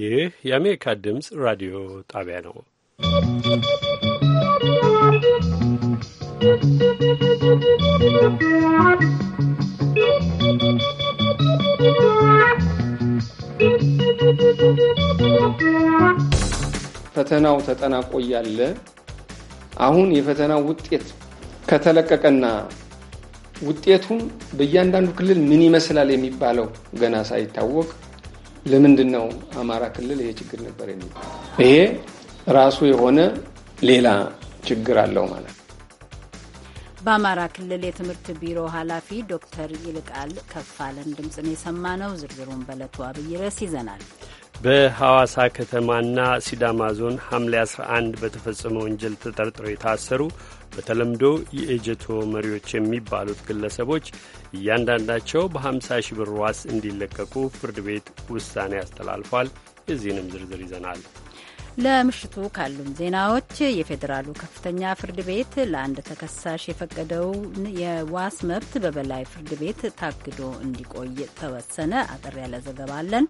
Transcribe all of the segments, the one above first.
ይህ የአሜሪካ ድምፅ ራዲዮ ጣቢያ ነው። ፈተናው ተጠናቆ እያለ አሁን የፈተናው ውጤት ከተለቀቀና ውጤቱም በእያንዳንዱ ክልል ምን ይመስላል የሚባለው ገና ሳይታወቅ ለምንድን ነው አማራ ክልል ይሄ ችግር ነበር የሚ ይሄ ራሱ የሆነ ሌላ ችግር አለው ማለት ነው። በአማራ ክልል የትምህርት ቢሮ ኃላፊ ዶክተር ይልቃል ከፋለን ድምፅን የሰማ ነው። ዝርዝሩን በለቱ አብይ ርዕስ ይዘናል። በሐዋሳ ከተማና ሲዳማ ዞን ሐምሌ 11 በተፈጸመ ወንጀል ተጠርጥረው የታሰሩ በተለምዶ የኤጀቶ መሪዎች የሚባሉት ግለሰቦች እያንዳንዳቸው በ50 ሺህ ብር ዋስ እንዲለቀቁ ፍርድ ቤት ውሳኔ አስተላልፏል። የዚህንም ዝርዝር ይዘናል። ለምሽቱ ካሉን ዜናዎች የፌዴራሉ ከፍተኛ ፍርድ ቤት ለአንድ ተከሳሽ የፈቀደውን የዋስ መብት በበላይ ፍርድ ቤት ታግዶ እንዲቆይ ተወሰነ። አጠር ያለ ዘገባ አለን።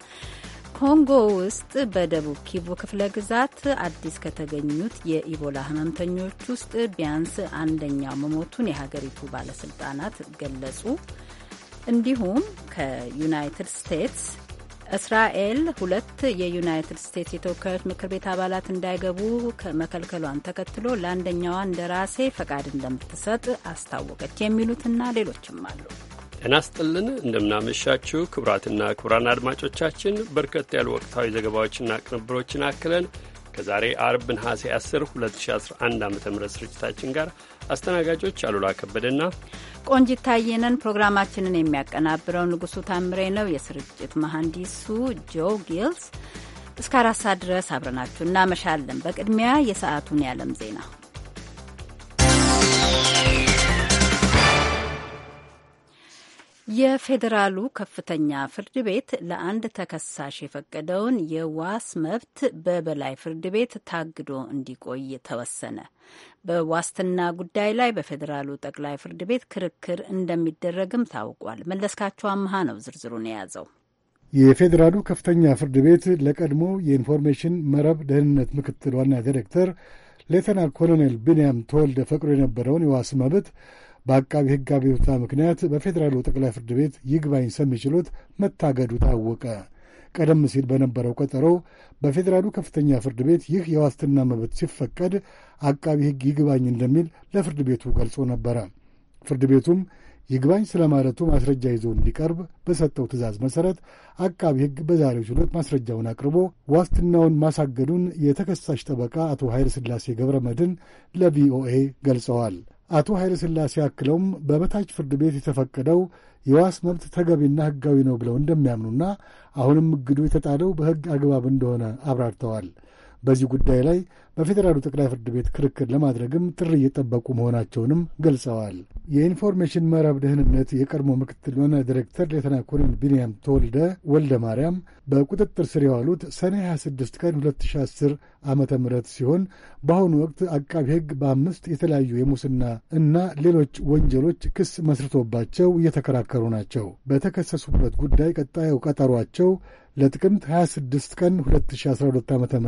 ኮንጎ ውስጥ በደቡብ ኪቡ ክፍለ ግዛት አዲስ ከተገኙት የኢቦላ ህመምተኞች ውስጥ ቢያንስ አንደኛው መሞቱን የሀገሪቱ ባለስልጣናት ገለጹ። እንዲሁም ከዩናይትድ ስቴትስ እስራኤል ሁለት የዩናይትድ ስቴትስ የተወካዮች ምክር ቤት አባላት እንዳይገቡ መከልከሏን ተከትሎ ለአንደኛዋ እንደራሴ ፈቃድ እንደምትሰጥ አስታወቀች። የሚሉትና ሌሎችም አሉ። ጤናስጥልን እንደምናመሻችው እንደምናመሻችሁ ክቡራትና ክቡራን አድማጮቻችን በርከት ያሉ ወቅታዊ ዘገባዎችና ቅንብሮችን አክለን ከዛሬ አርብ ነሐሴ 10 2011 ዓ ም ስርጭታችን ጋር አስተናጋጆች አሉላ ከበደና ቆንጂት ታየነን። ፕሮግራማችንን የሚያቀናብረው ንጉሱ ታምሬ ነው። የስርጭት መሐንዲሱ ጆ ጊልስ። እስከ አራት ሰዓት ድረስ አብረናችሁ እናመሻለን። በቅድሚያ የሰዓቱን ያለም ዜና የፌዴራሉ ከፍተኛ ፍርድ ቤት ለአንድ ተከሳሽ የፈቀደውን የዋስ መብት በበላይ ፍርድ ቤት ታግዶ እንዲቆይ ተወሰነ። በዋስትና ጉዳይ ላይ በፌዴራሉ ጠቅላይ ፍርድ ቤት ክርክር እንደሚደረግም ታውቋል። መለስካቸው አመሃ ነው ዝርዝሩን የያዘው። የፌዴራሉ ከፍተኛ ፍርድ ቤት ለቀድሞ የኢንፎርሜሽን መረብ ደህንነት ምክትል ዋና ዲሬክተር ሌተና ኮሎኔል ቢንያም ተወልደ ፈቅዶ የነበረውን የዋስ መብት በአቃቢ ሕግ አቤቱታ ምክንያት በፌዴራሉ ጠቅላይ ፍርድ ቤት ይግባኝ ሰሚ ችሎት መታገዱ ታወቀ። ቀደም ሲል በነበረው ቀጠሮ በፌዴራሉ ከፍተኛ ፍርድ ቤት ይህ የዋስትና መብት ሲፈቀድ አቃቢ ሕግ ይግባኝ እንደሚል ለፍርድ ቤቱ ገልጾ ነበረ። ፍርድ ቤቱም ይግባኝ ስለማለቱ ማስረጃ ይዞ እንዲቀርብ በሰጠው ትእዛዝ መሠረት አቃቢ ሕግ በዛሬው ችሎት ማስረጃውን አቅርቦ ዋስትናውን ማሳገዱን የተከሳሽ ጠበቃ አቶ ኃይለ ሥላሴ ገብረ መድን ለቪኦኤ ገልጸዋል። አቶ ኃይለ ሥላሴ አክለውም በበታች ፍርድ ቤት የተፈቀደው የዋስ መብት ተገቢና ሕጋዊ ነው ብለው እንደሚያምኑና አሁንም እግዱ የተጣለው በሕግ አግባብ እንደሆነ አብራርተዋል። በዚህ ጉዳይ ላይ በፌዴራሉ ጠቅላይ ፍርድ ቤት ክርክር ለማድረግም ጥሪ እየጠበቁ መሆናቸውንም ገልጸዋል። የኢንፎርሜሽን መረብ ደህንነት የቀድሞ ምክትል ዋና ዲሬክተር ሌተና ኮሎኔል ቢንያም ተወልደ ወልደ ማርያም በቁጥጥር ስር የዋሉት ሰኔ 26 ቀን 2010 ዓ ም ሲሆን በአሁኑ ወቅት አቃቢ ሕግ በአምስት የተለያዩ የሙስና እና ሌሎች ወንጀሎች ክስ መስርቶባቸው እየተከራከሩ ናቸው። በተከሰሱበት ጉዳይ ቀጣዩ ቀጠሯቸው ለጥቅምት 26 ቀን 2012 ዓ ም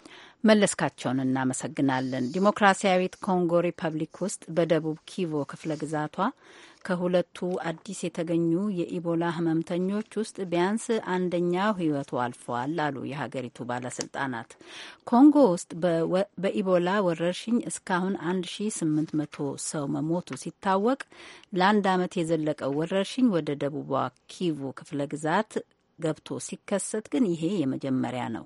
መለስካቸውን እናመሰግናለን። ዲሞክራሲያዊት ኮንጎ ሪፐብሊክ ውስጥ በደቡብ ኪቮ ክፍለ ግዛቷ ከሁለቱ አዲስ የተገኙ የኢቦላ ህመምተኞች ውስጥ ቢያንስ አንደኛው ህይወቱ አልፈዋል አሉ የሀገሪቱ ባለስልጣናት። ኮንጎ ውስጥ በኢቦላ ወረርሽኝ እስካሁን 1800 ሰው መሞቱ ሲታወቅ ለአንድ ዓመት የዘለቀው ወረርሽኝ ወደ ደቡቧ ኪቮ ክፍለ ግዛት ገብቶ ሲከሰት ግን ይሄ የመጀመሪያ ነው።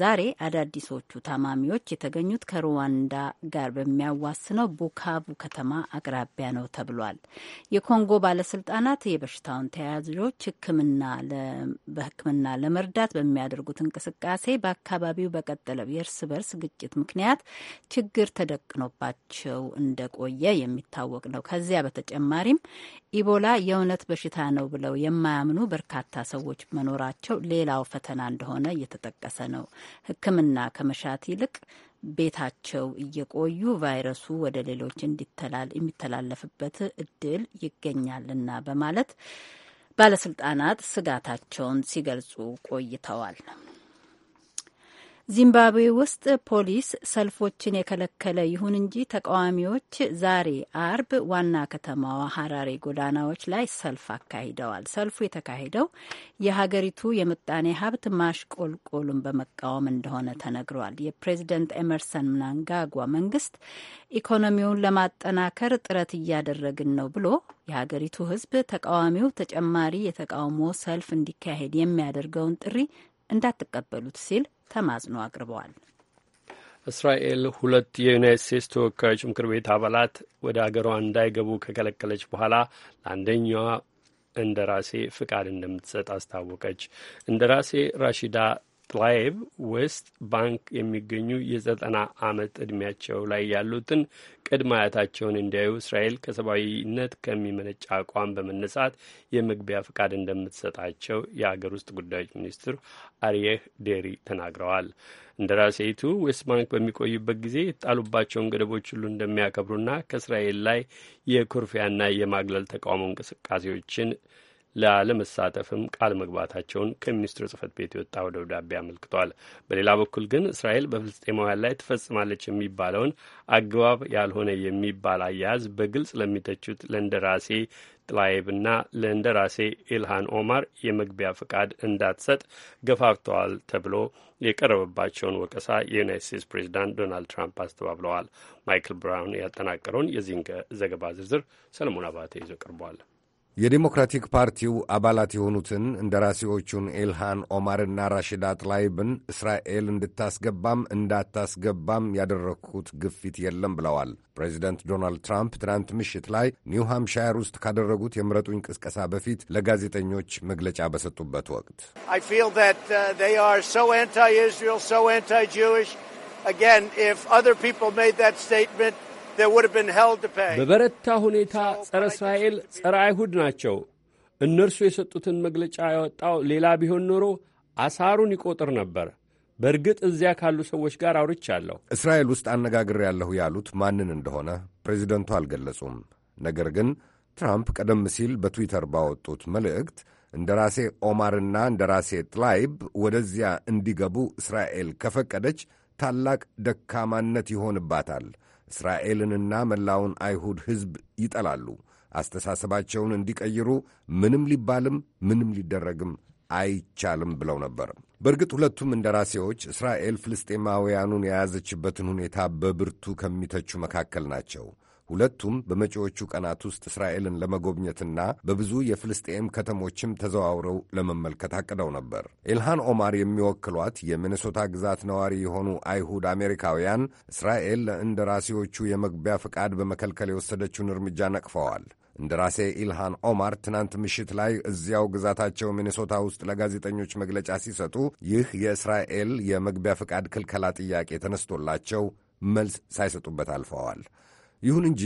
ዛሬ አዳዲሶቹ ታማሚዎች የተገኙት ከሩዋንዳ ጋር በሚያዋስነው ቡካቡ ከተማ አቅራቢያ ነው ተብሏል። የኮንጎ ባለስልጣናት የበሽታውን ተያያዦች ሕክምና በሕክምና ለመርዳት በሚያደርጉት እንቅስቃሴ በአካባቢው በቀጠለው የእርስ በርስ ግጭት ምክንያት ችግር ተደቅኖባቸው እንደቆየ የሚታወቅ ነው። ከዚያ በተጨማሪም ኢቦላ የእውነት በሽታ ነው ብለው የማያምኑ በርካታ ሰዎች መኖራቸው ሌላው ፈተና እንደሆነ እየተጠቀሰ ነው። ሕክምና ከመሻት ይልቅ ቤታቸው እየቆዩ ቫይረሱ ወደ ሌሎች የሚተላለፍበት እድል ይገኛልና በማለት ባለስልጣናት ስጋታቸውን ሲገልጹ ቆይተዋል። ዚምባብዌ ውስጥ ፖሊስ ሰልፎችን የከለከለ ይሁን እንጂ ተቃዋሚዎች ዛሬ አርብ ዋና ከተማዋ ሀራሬ ጎዳናዎች ላይ ሰልፍ አካሂደዋል። ሰልፉ የተካሄደው የሀገሪቱ የምጣኔ ሀብት ማሽቆልቆሉን በመቃወም እንደሆነ ተነግሯል። የፕሬዚደንት ኤመርሰን ምናንጋጓ መንግስት ኢኮኖሚውን ለማጠናከር ጥረት እያደረግን ነው ብሎ የሀገሪቱ ህዝብ ተቃዋሚው ተጨማሪ የተቃውሞ ሰልፍ እንዲካሄድ የሚያደርገውን ጥሪ እንዳትቀበሉት ሲል ተማጽኖ አቅርበዋል። እስራኤል ሁለት የዩናይት ስቴትስ ተወካዮች ምክር ቤት አባላት ወደ አገሯ እንዳይገቡ ከከለከለች በኋላ ለአንደኛዋ እንደራሴ ፍቃድ እንደምትሰጥ አስታወቀች። እንደራሴ ራሺዳ ትላይቭ ዌስት ባንክ የሚገኙ የዘጠና ዓመት ዕድሜያቸው ላይ ያሉትን ቅድመ አያታቸውን እንዲያዩ እስራኤል ከሰብአዊነት ከሚመነጭ አቋም በመነሳት የመግቢያ ፍቃድ እንደምትሰጣቸው የአገር ውስጥ ጉዳዮች ሚኒስትር አርየህ ዴሪ ተናግረዋል። እንደራሴይቱ ዌስት ባንክ በሚቆዩበት ጊዜ የተጣሉባቸውን ገደቦች ሁሉ እንደሚያከብሩና ከእስራኤል ላይ የኩርፊያና የማግለል ተቃውሞ እንቅስቃሴዎችን ላለመሳተፍም ቃል መግባታቸውን ከሚኒስትሩ ጽህፈት ቤት የወጣው ደብዳቤ አመልክቷል። በሌላ በኩል ግን እስራኤል በፍልስጤማውያን ላይ ትፈጽማለች የሚባለውን አግባብ ያልሆነ የሚባል አያያዝ በግልጽ ለሚተቹት ለእንደራሴ ጥላይብና ለእንደራሴ ኢልሃን ኦማር የመግቢያ ፍቃድ እንዳትሰጥ ገፋፍተዋል ተብሎ የቀረበባቸውን ወቀሳ የዩናይት ስቴትስ ፕሬዚዳንት ዶናልድ ትራምፕ አስተባብለዋል። ማይክል ብራውን ያጠናቀረውን የዚህን ዘገባ ዝርዝር ሰለሞን አባተ ይዞ ቀርቧል። የዲሞክራቲክ ፓርቲው አባላት የሆኑትን እንደራሴዎቹን ኤልሃን ኦማርና ራሽዳ ጥላይብን እስራኤል እንድታስገባም እንዳታስገባም ያደረግኩት ግፊት የለም ብለዋል። ፕሬዚደንት ዶናልድ ትራምፕ ትናንት ምሽት ላይ ኒው ሃምፕሻየር ውስጥ ካደረጉት የምረጡኝ ቅስቀሳ በፊት ለጋዜጠኞች መግለጫ በሰጡበት ወቅት ስ በበረታ ሁኔታ ጸረ እስራኤል፣ ጸረ አይሁድ ናቸው። እነርሱ የሰጡትን መግለጫ ያወጣው ሌላ ቢሆን ኖሮ አሳሩን ይቆጥር ነበር። በእርግጥ እዚያ ካሉ ሰዎች ጋር አውርቻለሁ። እስራኤል ውስጥ ያለሁ ያሉት ማንን እንደሆነ ፕሬዚደንቱ አልገለጹም። ነገር ግን ትራምፕ ቀደም ሲል በትዊተር ባወጡት መልእክት እንደ ራሴ ኦማርና እንደ ራሴ ጥላይብ ወደዚያ እንዲገቡ እስራኤል ከፈቀደች ታላቅ ደካማነት ይሆንባታል እስራኤልንና መላውን አይሁድ ሕዝብ ይጠላሉ። አስተሳሰባቸውን እንዲቀይሩ ምንም ሊባልም ምንም ሊደረግም አይቻልም ብለው ነበር። በእርግጥ ሁለቱም እንደራሴዎች እስራኤል ፍልስጤማውያኑን የያዘችበትን ሁኔታ በብርቱ ከሚተቹ መካከል ናቸው። ሁለቱም በመጪዎቹ ቀናት ውስጥ እስራኤልን ለመጎብኘትና በብዙ የፍልስጤም ከተሞችም ተዘዋውረው ለመመልከት አቅደው ነበር። ኢልሃን ኦማር የሚወክሏት የሚኒሶታ ግዛት ነዋሪ የሆኑ አይሁድ አሜሪካውያን እስራኤል ለእንደራሴዎቹ የመግቢያ ፈቃድ በመከልከል የወሰደችውን እርምጃ ነቅፈዋል። እንደራሴ ኢልሃን ኦማር ትናንት ምሽት ላይ እዚያው ግዛታቸው ሚኒሶታ ውስጥ ለጋዜጠኞች መግለጫ ሲሰጡ ይህ የእስራኤል የመግቢያ ፈቃድ ክልከላ ጥያቄ ተነስቶላቸው መልስ ሳይሰጡበት አልፈዋል። ይሁን እንጂ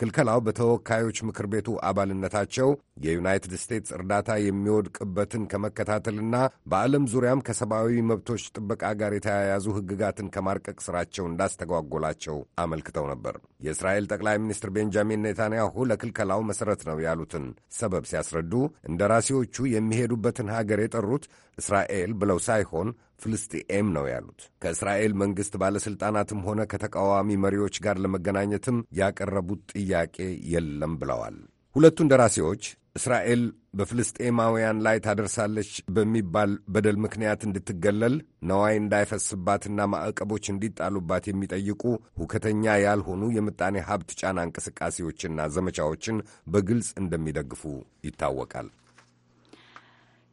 ክልከላው በተወካዮች ምክር ቤቱ አባልነታቸው የዩናይትድ ስቴትስ እርዳታ የሚወድቅበትን ከመከታተልና በዓለም ዙሪያም ከሰብአዊ መብቶች ጥበቃ ጋር የተያያዙ ሕግጋትን ከማርቀቅ ሥራቸው እንዳስተጓጎላቸው አመልክተው ነበር። የእስራኤል ጠቅላይ ሚኒስትር ቤንጃሚን ኔታንያሁ ለክልከላው መሠረት ነው ያሉትን ሰበብ ሲያስረዱ እንደራሴዎቹ የሚሄዱበትን ሀገር የጠሩት እስራኤል ብለው ሳይሆን ፍልስጤም ነው ያሉት። ከእስራኤል መንግሥት ባለሥልጣናትም ሆነ ከተቃዋሚ መሪዎች ጋር ለመገናኘትም ያቀረቡት ጥያቄ የለም ብለዋል። ሁለቱ እንደራሴዎች እስራኤል በፍልስጤማውያን ላይ ታደርሳለች በሚባል በደል ምክንያት እንድትገለል ነዋይ እንዳይፈስባትና ማዕቀቦች እንዲጣሉባት የሚጠይቁ ሁከተኛ ያልሆኑ የምጣኔ ሀብት ጫና እንቅስቃሴዎችና ዘመቻዎችን በግልጽ እንደሚደግፉ ይታወቃል።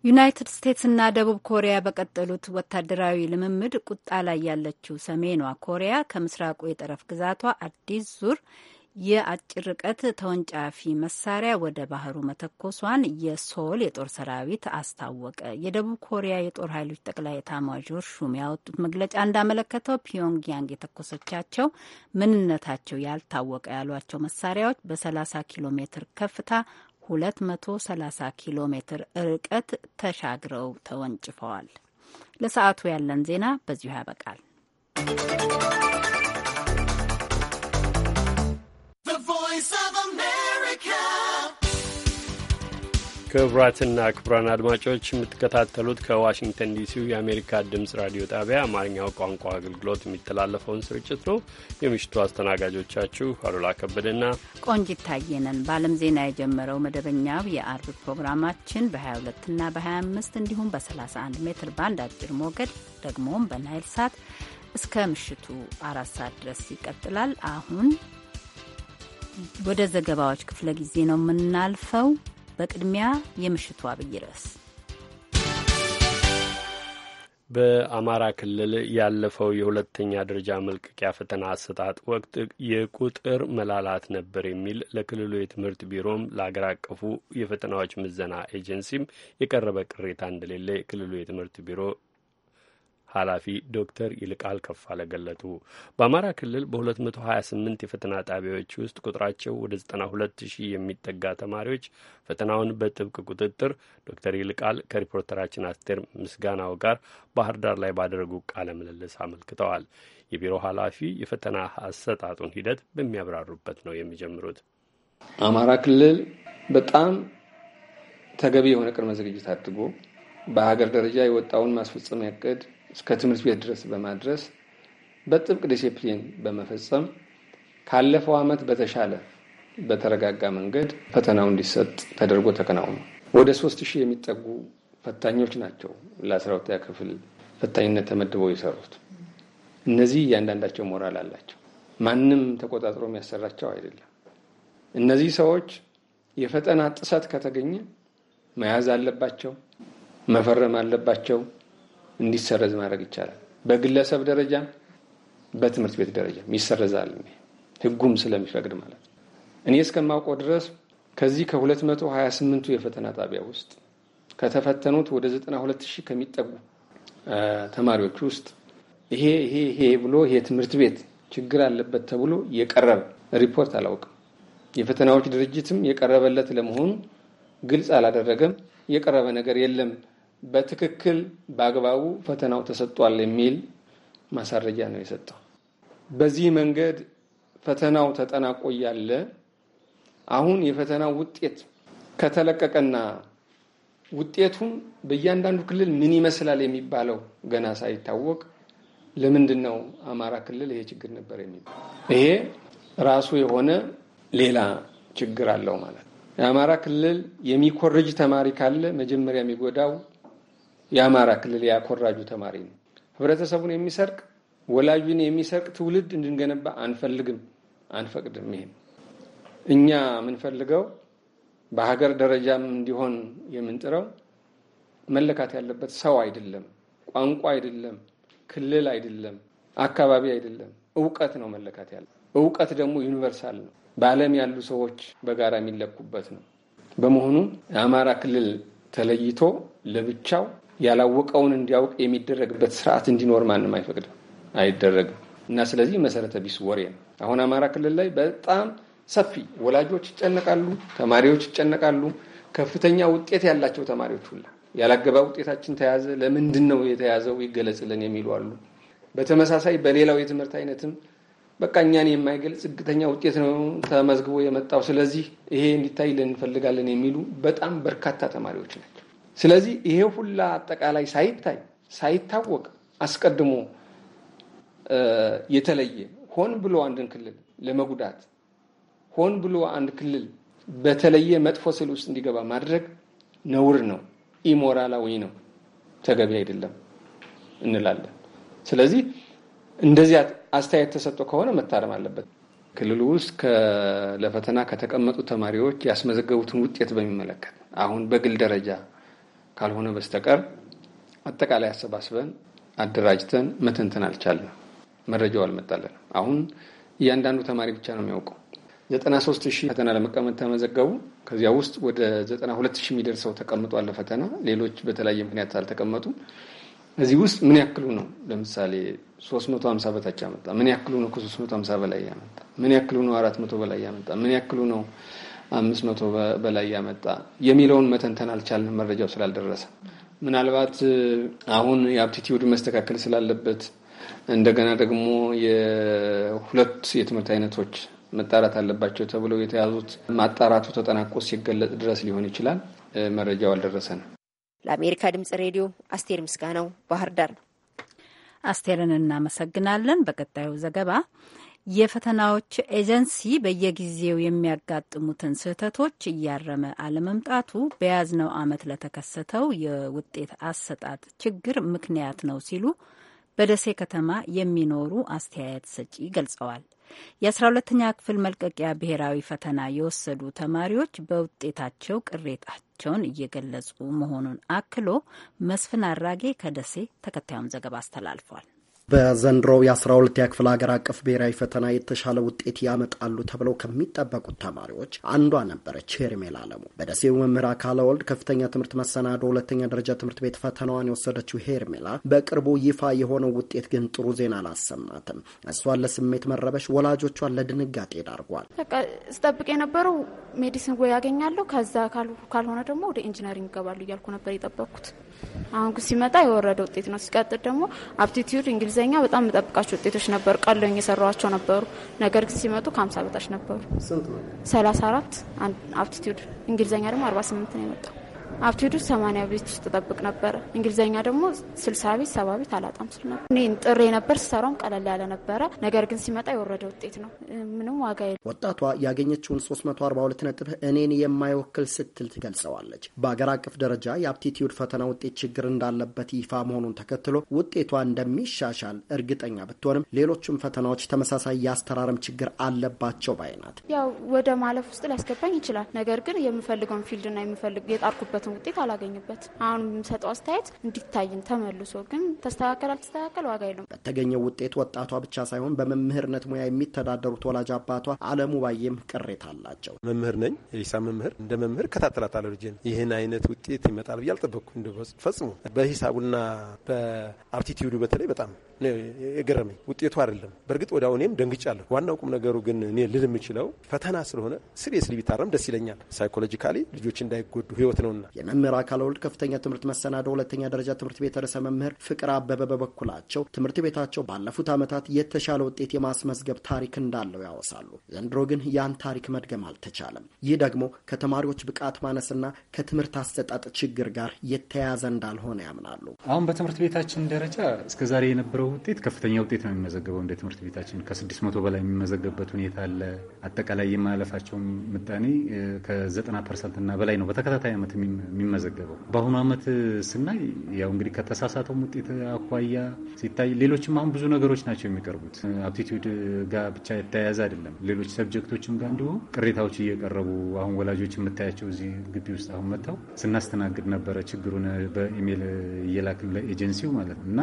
ዩናይትድ ስቴትስና ደቡብ ኮሪያ በቀጠሉት ወታደራዊ ልምምድ ቁጣ ላይ ያለችው ሰሜኗ ኮሪያ ከምስራቁ የጠረፍ ግዛቷ አዲስ ዙር የአጭር ርቀት ተወንጫፊ መሳሪያ ወደ ባህሩ መተኮሷን የሶል የጦር ሰራዊት አስታወቀ። የደቡብ ኮሪያ የጦር ኃይሎች ጠቅላይ ኤታማዦር ሹም ያወጡት መግለጫ እንዳመለከተው ፒዮንግያንግ የተኮሰቻቸው ምንነታቸው ያልታወቀ ያሏቸው መሳሪያዎች በ30 ኪሎ ሜትር ከፍታ 230 ኪሎ ሜትር ርቀት ተሻግረው ተወንጭፈዋል። ለሰዓቱ ያለን ዜና በዚሁ ያበቃል። ክቡራትና ክቡራን አድማጮች የምትከታተሉት ከዋሽንግተን ዲሲው የአሜሪካ ድምፅ ራዲዮ ጣቢያ አማርኛው ቋንቋ አገልግሎት የሚተላለፈውን ስርጭት ነው። የምሽቱ አስተናጋጆቻችሁ አሉላ ከበደና ቆንጂት ታየነን። በአለም በዓለም ዜና የጀመረው መደበኛው የአርብ ፕሮግራማችን በ22 እና በ25 እንዲሁም በ31 ሜትር ባንድ አጭር ሞገድ ደግሞም በናይል ሳት እስከ ምሽቱ አራት ሰዓት ድረስ ይቀጥላል። አሁን ወደ ዘገባዎች ክፍለ ጊዜ ነው የምናልፈው። በቅድሚያ የምሽቱ አብይ ርዕስ በአማራ ክልል ያለፈው የሁለተኛ ደረጃ መልቀቂያ ፈተና አሰጣጥ ወቅት የቁጥር መላላት ነበር የሚል ለክልሉ የትምህርት ቢሮም ለአገር አቀፉ የፈተናዎች ምዘና ኤጀንሲም የቀረበ ቅሬታ እንደሌለ የክልሉ የትምህርት ቢሮ ኃላፊ ዶክተር ይልቃል ከፋለ ገለጡ። በአማራ ክልል በ228 የፈተና ጣቢያዎች ውስጥ ቁጥራቸው ወደ 92 የሚጠጋ ተማሪዎች ፈተናውን በጥብቅ ቁጥጥር ዶክተር ይልቃል ከሪፖርተራችን አስቴር ምስጋናው ጋር ባህር ዳር ላይ ባደረጉ ቃለ ምልልስ አመልክተዋል። የቢሮ ኃላፊ የፈተና አሰጣጡን ሂደት በሚያብራሩበት ነው የሚጀምሩት። አማራ ክልል በጣም ተገቢ የሆነ ቅድመ ዝግጅት አድርጎ በሀገር ደረጃ የወጣውን ማስፈጸሚያ እቅድ እስከ ትምህርት ቤት ድረስ በማድረስ በጥብቅ ዲሲፕሊን በመፈጸም ካለፈው ዓመት በተሻለ በተረጋጋ መንገድ ፈተናው እንዲሰጥ ተደርጎ ተከናውኑ። ወደ ሶስት ሺህ የሚጠጉ ፈታኞች ናቸው ለአስራ ሁለተኛ ክፍል ፈታኝነት ተመድበው የሰሩት። እነዚህ እያንዳንዳቸው ሞራል አላቸው። ማንም ተቆጣጥሮ የሚያሰራቸው አይደለም። እነዚህ ሰዎች የፈተና ጥሰት ከተገኘ መያዝ አለባቸው፣ መፈረም አለባቸው፣ እንዲሰረዝ ማድረግ ይቻላል። በግለሰብ ደረጃም በትምህርት ቤት ደረጃም ይሰረዛል፣ ህጉም ስለሚፈቅድ ማለት ነው። እኔ እስከማውቀው ድረስ ከዚህ ከ228ቱ የፈተና ጣቢያ ውስጥ ከተፈተኑት ወደ 92 ሺህ ከሚጠጉ ተማሪዎች ውስጥ ይሄ ይሄ ይሄ ብሎ ይሄ ትምህርት ቤት ችግር አለበት ተብሎ የቀረበ ሪፖርት አላውቅም። የፈተናዎች ድርጅትም የቀረበለት ለመሆኑ ግልጽ አላደረገም። የቀረበ ነገር የለም በትክክል በአግባቡ ፈተናው ተሰጥቷል የሚል ማሳረጃ ነው የሰጠው። በዚህ መንገድ ፈተናው ተጠናቆ ያለ አሁን የፈተናው ውጤት ከተለቀቀና ውጤቱን በእያንዳንዱ ክልል ምን ይመስላል የሚባለው ገና ሳይታወቅ ለምንድን ነው አማራ ክልል ይሄ ችግር ነበር የሚባል? ይሄ ራሱ የሆነ ሌላ ችግር አለው ማለት ነው። የአማራ ክልል የሚኮርጅ ተማሪ ካለ መጀመሪያ የሚጎዳው የአማራ ክልል ያኮራጁ ተማሪ ነው። ህብረተሰቡን የሚሰርቅ ወላጁን የሚሰርቅ ትውልድ እንድንገነባ አንፈልግም፣ አንፈቅድም። ይሄም እኛ የምንፈልገው በሀገር ደረጃም እንዲሆን የምንጥረው መለካት ያለበት ሰው አይደለም፣ ቋንቋ አይደለም፣ ክልል አይደለም፣ አካባቢ አይደለም፣ እውቀት ነው መለካት ያለ። እውቀት ደግሞ ዩኒቨርሳል ነው፣ በዓለም ያሉ ሰዎች በጋራ የሚለኩበት ነው። በመሆኑ የአማራ ክልል ተለይቶ ለብቻው ያላወቀውን እንዲያውቅ የሚደረግበት ስርዓት እንዲኖር ማንም አይፈቅድም፣ አይደረግም እና ስለዚህ መሰረተ ቢስ ወሬ ነው። አሁን አማራ ክልል ላይ በጣም ሰፊ ወላጆች ይጨነቃሉ፣ ተማሪዎች ይጨነቃሉ። ከፍተኛ ውጤት ያላቸው ተማሪዎች ሁላ ያላገባ ውጤታችን ተያዘ፣ ለምንድን ነው የተያዘው ይገለጽልን የሚሉ አሉ። በተመሳሳይ በሌላው የትምህርት አይነትም በቃ እኛን የማይገልጽ ዝቅተኛ ውጤት ነው ተመዝግቦ የመጣው፣ ስለዚህ ይሄ እንዲታይልን እንፈልጋለን የሚሉ በጣም በርካታ ተማሪዎች ነው። ስለዚህ ይሄ ሁላ አጠቃላይ ሳይታይ ሳይታወቅ አስቀድሞ የተለየ ሆን ብሎ አንድን ክልል ለመጉዳት ሆን ብሎ አንድ ክልል በተለየ መጥፎ ስል ውስጥ እንዲገባ ማድረግ ነውር ነው፣ ኢሞራላዊ ነው፣ ተገቢ አይደለም እንላለን። ስለዚህ እንደዚያ አስተያየት ተሰጥቶ ከሆነ መታረም አለበት። ክልሉ ውስጥ ለፈተና ከተቀመጡ ተማሪዎች ያስመዘገቡትን ውጤት በሚመለከት አሁን በግል ደረጃ ካልሆነ በስተቀር አጠቃላይ አሰባስበን አደራጅተን መተንተን አልቻለም። መረጃው አልመጣለንም። አሁን እያንዳንዱ ተማሪ ብቻ ነው የሚያውቀው። 93 ሺህ ፈተና ለመቀመጥ ተመዘገቡ። ከዚያ ውስጥ ወደ 92 ሺህ የሚደርሰው ተቀምጧል ለፈተና። ሌሎች በተለያየ ምክንያት አልተቀመጡም። እዚህ ውስጥ ምን ያክሉ ነው ለምሳሌ 350 በታች ያመጣ? ምን ያክሉ ነው ከ350 በላይ ያመጣ? ምን ያክሉ ነው 400 በላይ ያመጣ? ምን ያክሉ ነው አምስት መቶ በላይ ያመጣ የሚለውን መተንተን አልቻልንም፣ መረጃው ስላልደረሰ። ምናልባት አሁን የአፕቲቲዩድ መስተካከል ስላለበት እንደገና ደግሞ የሁለት የትምህርት አይነቶች መጣራት አለባቸው ተብለው የተያዙት ማጣራቱ ተጠናቆ ሲገለጽ ድረስ ሊሆን ይችላል። መረጃው አልደረሰንም። ለአሜሪካ ድምጽ ሬዲዮ አስቴር ምስጋናው ባህር ዳር ነው። አስቴርን እናመሰግናለን። በቀጣዩ ዘገባ የፈተናዎች ኤጀንሲ በየጊዜው የሚያጋጥሙትን ስህተቶች እያረመ አለመምጣቱ በያዝነው ዓመት ለተከሰተው የውጤት አሰጣጥ ችግር ምክንያት ነው ሲሉ በደሴ ከተማ የሚኖሩ አስተያየት ሰጪ ገልጸዋል። የአስራ ሁለተኛ ክፍል መልቀቂያ ብሔራዊ ፈተና የወሰዱ ተማሪዎች በውጤታቸው ቅሬታቸውን እየገለጹ መሆኑን አክሎ መስፍን አራጌ ከደሴ ተከታዩን ዘገባ አስተላልፏል። በዘንድሮው የ 12 ክፍል ሀገር አቀፍ ብሔራዊ ፈተና የተሻለ ውጤት ያመጣሉ ተብለው ከሚጠበቁት ተማሪዎች አንዷ ነበረች ሄርሜላ አለሙ። በደሴው መምህር አካለ ወልድ ከፍተኛ ትምህርት መሰናዶ ሁለተኛ ደረጃ ትምህርት ቤት ፈተናዋን የወሰደችው ሄርሜላ በቅርቡ ይፋ የሆነው ውጤት ግን ጥሩ ዜና አላሰማትም። እሷን ለስሜት መረበሽ፣ ወላጆቿን ለድንጋጤ ዳርጓል። ስጠብቅ የነበረው ሜዲሲን ወይ ያገኛለሁ ከዛ ካልሆነ ደግሞ ወደ ኢንጂነሪንግ ይገባሉ እያልኩ ነበር የጠበቅኩት። አሁን ሲመጣ የወረደ ውጤት ነው። ሲቀጥል ደግሞ አፕቲቲዩድ እንግሊዝ በእንግሊዝኛ በጣም የምጠብቃቸው ውጤቶች ነበሩ። ቀለኝ የሰሯቸው ነበሩ። ነገር ግን ሲመጡ ከሀምሳ በታች ነበሩ። ሰላሳ አራት አፕቲቱድ እንግሊዝኛ ደግሞ አርባ ስምንት ነው የመጣው አፕቲቱድ ሰማንያ ቤት ውስጥ ጠብቅ ነበረ። እንግሊዝኛ ደግሞ ስልሳ ቤት ሰባ ቤት አላጣም ስል ነበር። እኔ ጥሬ ነበር ስሰራውም ቀለል ያለ ነበረ። ነገር ግን ሲመጣ የወረደ ውጤት ነው። ምንም ዋጋ የለ። ወጣቷ ያገኘችውን 342 ነጥብ እኔን የማይወክል ስትል ትገልጸዋለች። በአገር አቀፍ ደረጃ የአፕቲቲዩድ ፈተና ውጤት ችግር እንዳለበት ይፋ መሆኑን ተከትሎ ውጤቷ እንደሚሻሻል እርግጠኛ ብትሆንም ሌሎችም ፈተናዎች ተመሳሳይ የአስተራረም ችግር አለባቸው ባይናት ያው ወደ ማለፍ ውስጥ ሊያስገባኝ ይችላል። ነገር ግን የምፈልገውን ፊልድና የምፈልግ የጣርኩበት ያሰብኩበትን ውጤት አላገኙበት። አሁን የሚሰጠው አስተያየት እንዲታይን ተመልሶ ግን ተስተካከል አልተስተካከል ዋጋ የለውም። በተገኘው ውጤት ወጣቷ ብቻ ሳይሆን በመምህርነት ሙያ የሚተዳደሩት ወላጅ አባቷ አለሙ ባየም ቅሬታ አላቸው። መምህር ነኝ፣ የሂሳብ መምህር። እንደ መምህር እከታተላታለሁ ልጄን። ይህን አይነት ውጤት ይመጣል ብዬ እንደ ፈጽሞ በሂሳቡና በአፕቲቲዩዱ በተለይ በጣም የገረመኝ ውጤቱ አይደለም። በእርግጥ ወደ እኔም ደንግጫለሁ። ዋናው ቁም ነገሩ ግን እኔ ልል የምችለው ፈተና ስለሆነ ሲሪየስሊ ቢታረም ደስ ይለኛል። ሳይኮሎጂካሊ ልጆች እንዳይጎዱ ህይወት ነውና። የመምህር አካል ወልድ ከፍተኛ ትምህርት መሰናዶ ሁለተኛ ደረጃ ትምህርት ቤት ርዕሰ መምህር ፍቅር አበበ በበኩላቸው ትምህርት ቤታቸው ባለፉት ዓመታት የተሻለ ውጤት የማስመዝገብ ታሪክ እንዳለው ያወሳሉ። ዘንድሮ ግን ያን ታሪክ መድገም አልተቻለም። ይህ ደግሞ ከተማሪዎች ብቃት ማነስና ከትምህርት አሰጣጥ ችግር ጋር የተያያዘ እንዳልሆነ ያምናሉ። አሁን በትምህርት ቤታችን ደረጃ እስከዛሬ የነበረው ያለው ውጤት ከፍተኛ ውጤት ነው የሚመዘገበው። እንደ ትምህርት ቤታችን ከ መቶ በላይ የሚመዘገብበት ሁኔታ አለ። አጠቃላይ የማለፋቸው ምጣኔ ከዘጠና ፐርሰንት እና በላይ ነው በተከታታይ ዓመት የሚመዘገበው። በአሁኑ ዓመት ስናይ ያው እንግዲህ ከተሳሳተውም ውጤት አኳያ ሲታይ ሌሎችም አሁን ብዙ ነገሮች ናቸው የሚቀርቡት። አፕቲቱድ ጋር ብቻ የተያያዘ አይደለም። ሌሎች ሰብጀክቶችም ጋር እንዲሁ ቅሬታዎች እየቀረቡ አሁን ወላጆች የምታያቸው እዚህ ግቢ ውስጥ አሁን መጥተው ስናስተናግድ ነበረ ችግሩን በኢሜይል እየላክን ለኤጀንሲው ማለት ነው እና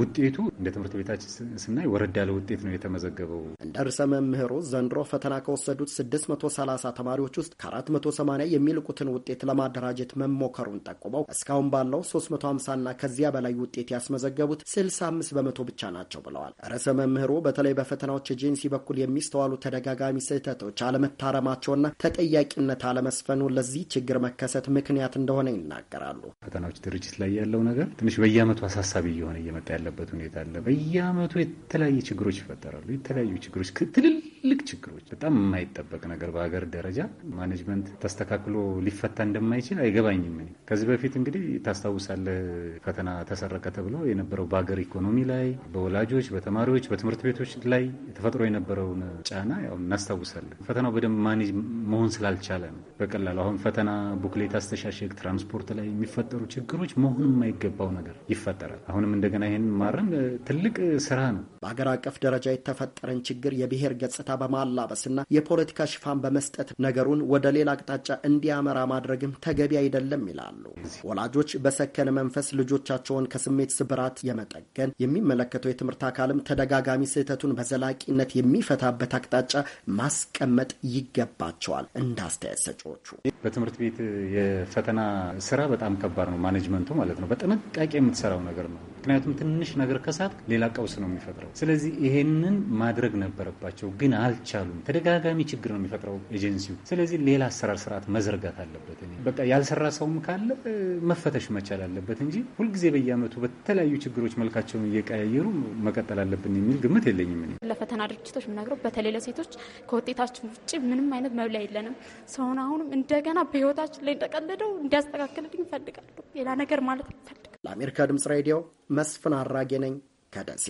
ውጤቱ እንደ ትምህርት ቤታችን ስናይ ወረድ ያለ ውጤት ነው የተመዘገበው። እንደ ርዕሰ መምህሩ ዘንድሮ ፈተና ከወሰዱት 630 ተማሪዎች ውስጥ ከ480 የሚልቁትን ውጤት ለማደራጀት መሞከሩን ጠቁመው እስካሁን ባለው 350ና ከዚያ በላይ ውጤት ያስመዘገቡት 65 በመቶ ብቻ ናቸው ብለዋል። ርዕሰ መምህሩ በተለይ በፈተናዎች ኤጀንሲ በኩል የሚስተዋሉ ተደጋጋሚ ስህተቶች አለመታረማቸውና ተጠያቂነት አለመስፈኑ ለዚህ ችግር መከሰት ምክንያት እንደሆነ ይናገራሉ። ፈተናዎች ድርጅት ላይ ያለው ነገር ትንሽ በየዓመቱ አሳሳቢ እየሆነ እየመጣ ያለበት ሁኔታ አለ። በየአመቱ የተለያየ ችግሮች ይፈጠራሉ። የተለያዩ ችግሮች ትልል ትልቅ ችግሮች፣ በጣም የማይጠበቅ ነገር በሀገር ደረጃ ማኔጅመንት ተስተካክሎ ሊፈታ እንደማይችል አይገባኝም። ከዚህ በፊት እንግዲህ ታስታውሳለህ ፈተና ተሰረቀ ተብሎ የነበረው በሀገር ኢኮኖሚ ላይ በወላጆች በተማሪዎች በትምህርት ቤቶች ላይ ተፈጥሮ የነበረውን ጫና ያው እናስታውሳለን። ፈተናው በደንብ ማኔጅ መሆን ስላልቻለ ነው በቀላሉ አሁን ፈተና ቡክሌት አስተሻሸግ፣ ትራንስፖርት ላይ የሚፈጠሩ ችግሮች መሆን የማይገባው ነገር ይፈጠራል። አሁንም እንደገና ይህን ማረም ትልቅ ስራ ነው። በሀገር አቀፍ ደረጃ የተፈጠረን ችግር የብሔር ገጽታ ገጽታ በማላበስና የፖለቲካ ሽፋን በመስጠት ነገሩን ወደ ሌላ አቅጣጫ እንዲያመራ ማድረግም ተገቢ አይደለም ይላሉ። ወላጆች በሰከነ መንፈስ ልጆቻቸውን ከስሜት ስብራት የመጠገን የሚመለከተው የትምህርት አካልም ተደጋጋሚ ስህተቱን በዘላቂነት የሚፈታበት አቅጣጫ ማስቀመጥ ይገባቸዋል። እንዳስተያየት ሰጪዎቹ በትምህርት ቤት የፈተና ስራ በጣም ከባድ ነው። ማኔጅመንቱ ማለት ነው። በጥንቃቄ የምትሰራው ነገር ነው። ምክንያቱም ትንሽ ነገር ከሳት ሌላ ቀውስ ነው የሚፈጥረው። ስለዚህ ይሄንን ማድረግ ነበረባቸው ግን አልቻሉም። ተደጋጋሚ ችግር ነው የሚፈጥረው ኤጀንሲው። ስለዚህ ሌላ አሰራር ስርዓት መዘርጋት አለበት። በቃ ያልሰራ ሰውም ካለ መፈተሽ መቻል አለበት እንጂ ሁልጊዜ በየአመቱ በተለያዩ ችግሮች መልካቸውን እየቀያየሩ መቀጠል አለብን የሚል ግምት የለኝም። ለፈተና ድርጅቶች የምናገረው በተለይ ለሴቶች ከውጤታችን ውጭ ምንም አይነት መብላ የለንም። ሰውን አሁንም እንደገና በህይወታችን ላይ እንደቀለደው እንዲያስተካክልልኝ ይፈልጋሉ። ሌላ ነገር ማለት ይፈልጋል። ለአሜሪካ ድምጽ ሬዲዮ መስፍን አራጌ ነኝ ከደሴ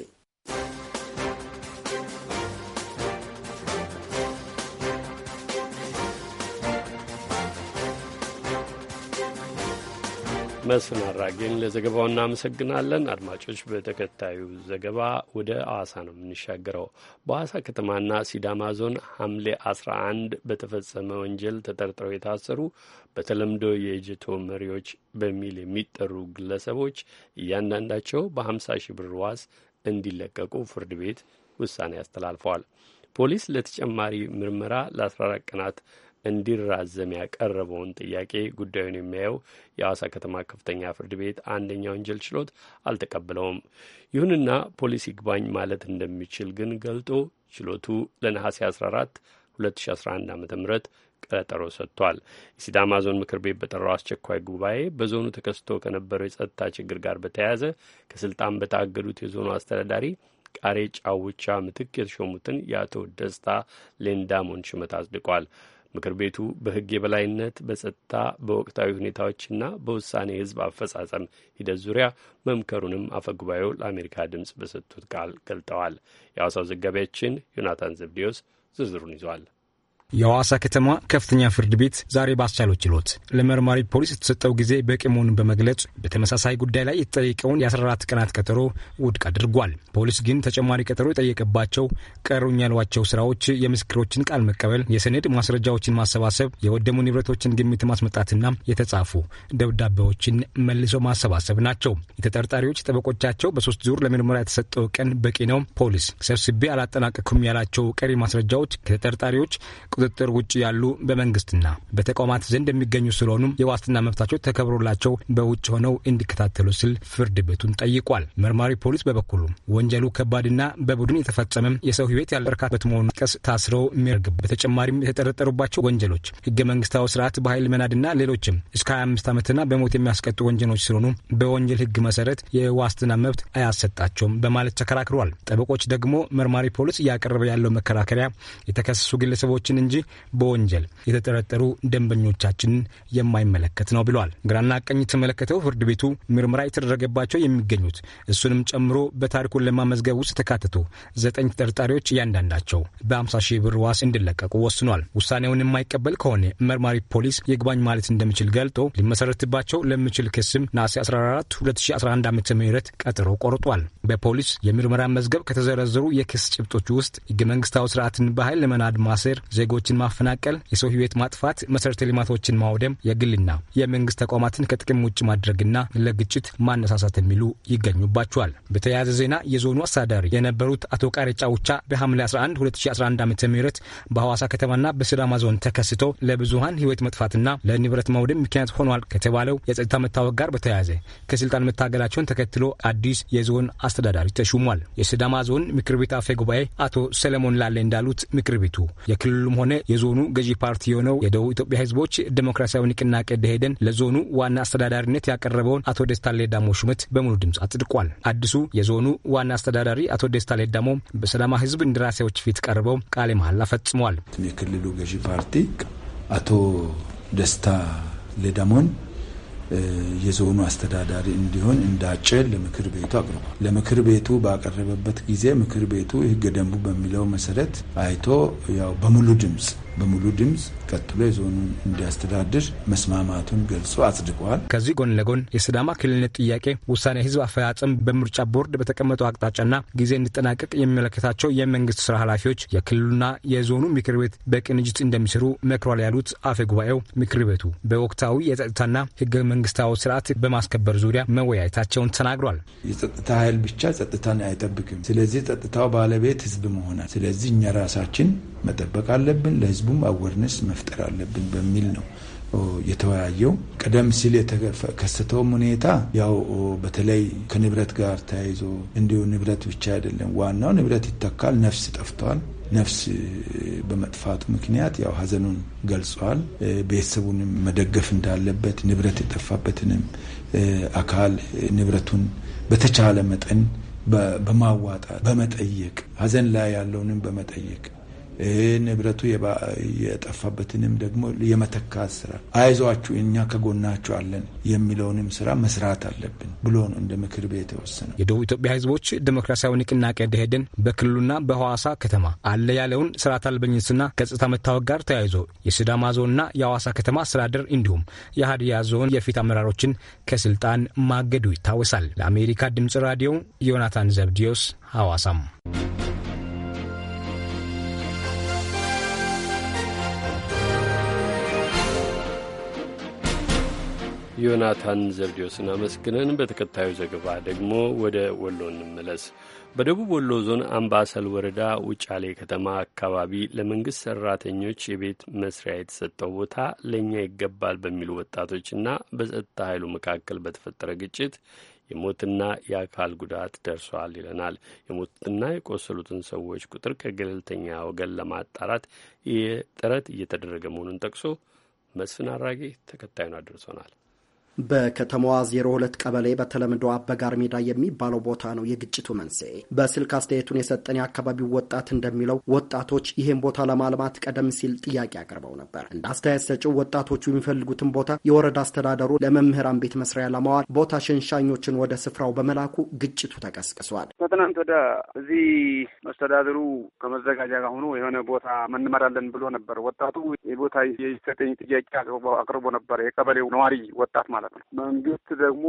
መስፍን አራጌን ለዘገባው እናመሰግናለን። አድማጮች፣ በተከታዩ ዘገባ ወደ አዋሳ ነው የምንሻገረው። በአዋሳ ከተማና ሲዳማ ዞን ሐምሌ 11 በተፈጸመ ወንጀል ተጠርጥረው የታሰሩ በተለምዶ የእጀቶ መሪዎች በሚል የሚጠሩ ግለሰቦች እያንዳንዳቸው በ50 ሺህ ብር ዋስ እንዲለቀቁ ፍርድ ቤት ውሳኔ አስተላልፈዋል። ፖሊስ ለተጨማሪ ምርመራ ለ14 ቀናት እንዲራዘም ያቀረበውን ጥያቄ ጉዳዩን የሚያየው የአዋሳ ከተማ ከፍተኛ ፍርድ ቤት አንደኛ ወንጀል ችሎት አልተቀበለውም። ይሁንና ፖሊስ ይግባኝ ማለት እንደሚችል ግን ገልጦ ችሎቱ ለነሐሴ 14 2011 ዓ ም ቀጠሮ ሰጥቷል። የሲዳማ ዞን ምክር ቤት በጠራው አስቸኳይ ጉባኤ በዞኑ ተከስቶ ከነበረው የጸጥታ ችግር ጋር በተያያዘ ከስልጣን በታገዱት የዞኑ አስተዳዳሪ ቃሬ ጫውቻ ምትክ የተሾሙትን የአቶ ደስታ ሌንዳሞን ሹመት አጽድቋል። ምክር ቤቱ በሕግ የበላይነት በጸጥታ በወቅታዊ ሁኔታዎችና በውሳኔ ሕዝብ አፈጻጸም ሂደት ዙሪያ መምከሩንም አፈጉባኤው ለአሜሪካ ድምፅ በሰጡት ቃል ገልጠዋል። የአዋሳው ዘጋቢያችን ዮናታን ዘብዴዎስ ዝርዝሩን ይዟል። የሐዋሳ ከተማ ከፍተኛ ፍርድ ቤት ዛሬ ባስቻለው ችሎት ለመርማሪ ፖሊስ የተሰጠው ጊዜ በቂ መሆኑን በመግለጽ በተመሳሳይ ጉዳይ ላይ የተጠየቀውን የ14 ቀናት ቀጠሮ ውድቅ አድርጓል። ፖሊስ ግን ተጨማሪ ቀጠሮ የጠየቀባቸው ቀሩኝ ያሏቸው ስራዎች የምስክሮችን ቃል መቀበል፣ የሰነድ ማስረጃዎችን ማሰባሰብ፣ የወደሙ ንብረቶችን ግምት ማስመጣትና የተጻፉ ደብዳቤዎችን መልሶ ማሰባሰብ ናቸው። የተጠርጣሪዎች ጠበቆቻቸው በሶስት ዙር ለምርመራ የተሰጠው ቀን በቂ ነው፣ ፖሊስ ሰብስቤ አላጠናቀኩም ያላቸው ቀሪ ማስረጃዎች ከተጠርጣሪዎች ቁጥጥር ውጭ ያሉ በመንግስትና በተቋማት ዘንድ የሚገኙ ስለሆኑም የዋስትና መብታቸው ተከብሮላቸው በውጭ ሆነው እንዲከታተሉ ሲል ፍርድ ቤቱን ጠይቋል። መርማሪ ፖሊስ በበኩሉ ወንጀሉ ከባድና በቡድን የተፈጸመም የሰው ህይወት ያለ በርካበት ቀስ ታስረው የሚርግብ በተጨማሪም የተጠረጠሩባቸው ወንጀሎች ህገ መንግስታዊ ስርዓት በኃይል መናድና ሌሎችም እስከ 25 ዓመትና በሞት የሚያስቀጡ ወንጀሎች ስለሆኑ በወንጀል ህግ መሰረት የዋስትና መብት አያሰጣቸውም በማለት ተከራክሯል። ጠበቆች ደግሞ መርማሪ ፖሊስ እያቀረበ ያለው መከራከሪያ የተከሰሱ ግለሰቦችን እንጂ በወንጀል የተጠረጠሩ ደንበኞቻችንን የማይመለከት ነው ብሏል። ግራና ቀኝ የተመለከተው ፍርድ ቤቱ ምርመራ የተደረገባቸው የሚገኙት እሱንም ጨምሮ በታሪኩን ለማመዝገብ ውስጥ ተካትቶ ዘጠኝ ተጠርጣሪዎች እያንዳንዳቸው በ50 ሺህ ብር ዋስ እንዲለቀቁ ወስኗል። ውሳኔውን የማይቀበል ከሆነ መርማሪ ፖሊስ ይግባኝ ማለት እንደሚችል ገልጦ ሊመሰረትባቸው ለሚችል ክስም ነሐሴ 14 2011 ዓ ም ቀጠሮ ቆርጧል። በፖሊስ የምርመራ መዝገብ ከተዘረዘሩ የክስ ጭብጦች ውስጥ ህገ መንግስታዊ ስርዓትን በኃይል ለመናድ ማሰር፣ ዜጎ ሰዎችን ማፈናቀል፣ የሰው ህይወት ማጥፋት፣ መሰረተ ልማቶችን ማውደም፣ የግልና የመንግስት ተቋማትን ከጥቅም ውጭ ማድረግና ለግጭት ማነሳሳት የሚሉ ይገኙባቸዋል። በተያያዘ ዜና የዞኑ አስተዳዳሪ የነበሩት አቶ ቃሬጫ ውቻ በሐምሌ 11 2011 ዓ ም በሐዋሳ ከተማና በሲዳማ ዞን ተከስቶ ለብዙሀን ህይወት መጥፋትና ለንብረት ማውደም ምክንያት ሆኗል ከተባለው የጸጥታ መታወቅ ጋር በተያያዘ ከስልጣን መታገላቸውን ተከትሎ አዲስ የዞን አስተዳዳሪ ተሹሟል። የሲዳማ ዞን ምክር ቤት አፈ ጉባኤ አቶ ሰለሞን ላለ እንዳሉት ምክር ቤቱ የክልሉም ሆነ ሆነ የዞኑ ገዢ ፓርቲ የሆነው የደቡብ ኢትዮጵያ ህዝቦች ዴሞክራሲያዊ ንቅናቄ ደኢህዴን ለዞኑ ዋና አስተዳዳሪነት ያቀረበውን አቶ ደስታ ሌዳሞ ሹመት በሙሉ ድምፅ አጽድቋል። አዲሱ የዞኑ ዋና አስተዳዳሪ አቶ ደስታ ሌዳሞ በሰላማ ህዝብ እንደራሴዎች ፊት ቀርበው ቃለ መሐላ ፈጽሟል። የክልሉ ገዢ ፓርቲ አቶ ደስታ ሌዳሞን የዞኑ አስተዳዳሪ እንዲሆን እንደ አጭር ለምክር ቤቱ አቅርቧል። ለምክር ቤቱ ባቀረበበት ጊዜ ምክር ቤቱ ሕገ ደንቡ በሚለው መሰረት አይቶ ያው በሙሉ ድምፅ በሙሉ ድምፅ ቀጥሎ የዞኑን እንዲያስተዳድር መስማማቱን ገልጾ አጽድቀዋል። ከዚህ ጎን ለጎን የስዳማ ክልልነት ጥያቄ ውሳኔ ህዝብ አፈጻጸም በምርጫ ቦርድ በተቀመጠው አቅጣጫና ጊዜ እንዲጠናቀቅ የሚመለከታቸው የመንግስት ስራ ኃላፊዎች የክልሉና የዞኑ ምክር ቤት በቅንጅት እንደሚሰሩ መክሯል ያሉት አፈ ጉባኤው ምክር ቤቱ በወቅታዊ የጸጥታና ህገ መንግስታዊ ስርዓት በማስከበር ዙሪያ መወያየታቸውን ተናግሯል። የጸጥታ ኃይል ብቻ ጸጥታን አይጠብቅም። ስለዚህ ጸጥታው ባለቤት ህዝብ መሆናል። ስለዚህ እኛ ራሳችን መጠበቅ አለብን። ለህዝቡም አወርነስ መፍ መፍጠር አለብን በሚል ነው የተወያየው። ቀደም ሲል የተከሰተውም ሁኔታ ያው በተለይ ከንብረት ጋር ተያይዞ እንዲሁ ንብረት ብቻ አይደለም ዋናው ንብረት ይተካል። ነፍስ ጠፍቷል። ነፍስ በመጥፋቱ ምክንያት ያው ሀዘኑን ገልጿል። ቤተሰቡንም መደገፍ እንዳለበት ንብረት የጠፋበትንም አካል ንብረቱን በተቻለ መጠን በማዋጣት በመጠየቅ ሀዘን ላይ ያለውንም በመጠየቅ ንብረቱ የጠፋበትንም ደግሞ የመተካት ስራ አይዟችሁ፣ እኛ ከጎናችሁ አለን የሚለውንም ስራ መስራት አለብን ብሎ ነው እንደ ምክር ቤት የወሰነው። የደቡብ ኢትዮጵያ ህዝቦች ዲሞክራሲያዊ ንቅናቄ ደኢህዴን በክልሉና በሐዋሳ ከተማ አለ ያለውን ስርዓተ አልበኝነትና ገጽታ መታወቅ ጋር ተያይዞ የሲዳማ ዞንና የሐዋሳ ከተማ አስተዳደር እንዲሁም የሀዲያ ዞን የፊት አመራሮችን ከስልጣን ማገዱ ይታወሳል። ለአሜሪካ ድምጽ ራዲዮ ዮናታን ዘብዲዮስ ሐዋሳም ዮናታን ዘብዴዎስን አመስግነን በተከታዩ ዘገባ ደግሞ ወደ ወሎ እንመለስ። በደቡብ ወሎ ዞን አምባሰል ወረዳ ውጫሌ ከተማ አካባቢ ለመንግሥት ሠራተኞች የቤት መስሪያ የተሰጠው ቦታ ለእኛ ይገባል በሚሉ ወጣቶችና በጸጥታ ኃይሉ መካከል በተፈጠረ ግጭት የሞትና የአካል ጉዳት ደርሷል ይለናል። የሞትና የቆሰሉትን ሰዎች ቁጥር ከገለልተኛ ወገን ለማጣራት ጥረት እየተደረገ መሆኑን ጠቅሶ መስፍን አራጌ ተከታዩን አድርሶናል። በከተማዋ 02 ቀበሌ በተለምዶ አበጋር ሜዳ የሚባለው ቦታ ነው የግጭቱ መንስኤ። በስልክ አስተያየቱን የሰጠን የአካባቢው ወጣት እንደሚለው ወጣቶች ይህን ቦታ ለማልማት ቀደም ሲል ጥያቄ አቅርበው ነበር። እንደ አስተያየት ሰጪው ወጣቶቹ የሚፈልጉትን ቦታ የወረዳ አስተዳደሩ ለመምህራን ቤት መስሪያ ለማዋል ቦታ ሸንሻኞችን ወደ ስፍራው በመላኩ ግጭቱ ተቀስቅሷል። ከትናንት ወደ እዚህ መስተዳደሩ ከመዘጋጃ ጋር ሆኖ የሆነ ቦታ መንመራለን ብሎ ነበር። ወጣቱ የቦታ የሰጠኝ ጥያቄ አቅርቦ ነበር። የቀበሌው ነዋሪ ወጣት ማለት ነው መንግስት ደግሞ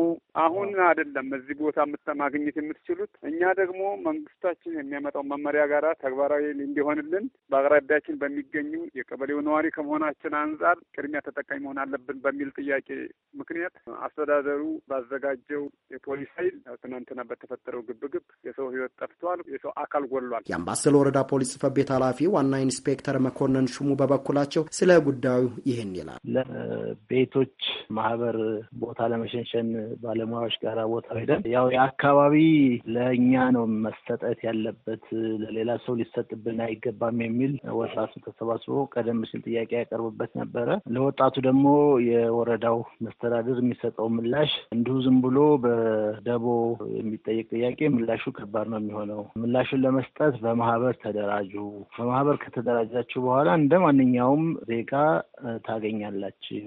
አሁን አይደለም እዚህ ቦታ ማግኘት የምትችሉት እኛ ደግሞ መንግስታችን የሚያመጣው መመሪያ ጋር ተግባራዊ እንዲሆንልን በአቅራቢያችን በሚገኙ የቀበሌው ነዋሪ ከመሆናችን አንጻር ቅድሚያ ተጠቃሚ መሆን አለብን በሚል ጥያቄ ምክንያት አስተዳደሩ ባዘጋጀው የፖሊስ ኃይል ትናንትና በተፈጠረው ግብግብ የሰው ህይወት ጠፍቷል፣ የሰው አካል ጎሏል። የአምባሰል ወረዳ ፖሊስ ጽፈት ቤት ኃላፊ ዋና ኢንስፔክተር መኮንን ሹሙ በበኩላቸው ስለ ጉዳዩ ይህን ይላል። ለቤቶች ማህበር ቦታ ለመሸንሸን ባለሙያዎች ጋር ቦታ ሄደን ያው የአካባቢ ለእኛ ነው መሰጠት ያለበት ለሌላ ሰው ሊሰጥብን አይገባም የሚል ወጣቱ ተሰባስቦ ቀደም ሲል ጥያቄ ያቀርቡበት ነበረ። ለወጣቱ ደግሞ የወረዳው መስተዳድር የሚሰጠው ምላሽ እንዲሁ ዝም ብሎ በደቦ የሚጠየቅ ጥያቄ ምላሹ ከባድ ነው የሚሆነው። ምላሹን ለመስጠት በማህበር ተደራጁ። በማህበር ከተደራጃችሁ በኋላ እንደ ማንኛውም ዜጋ ታገኛላችሁ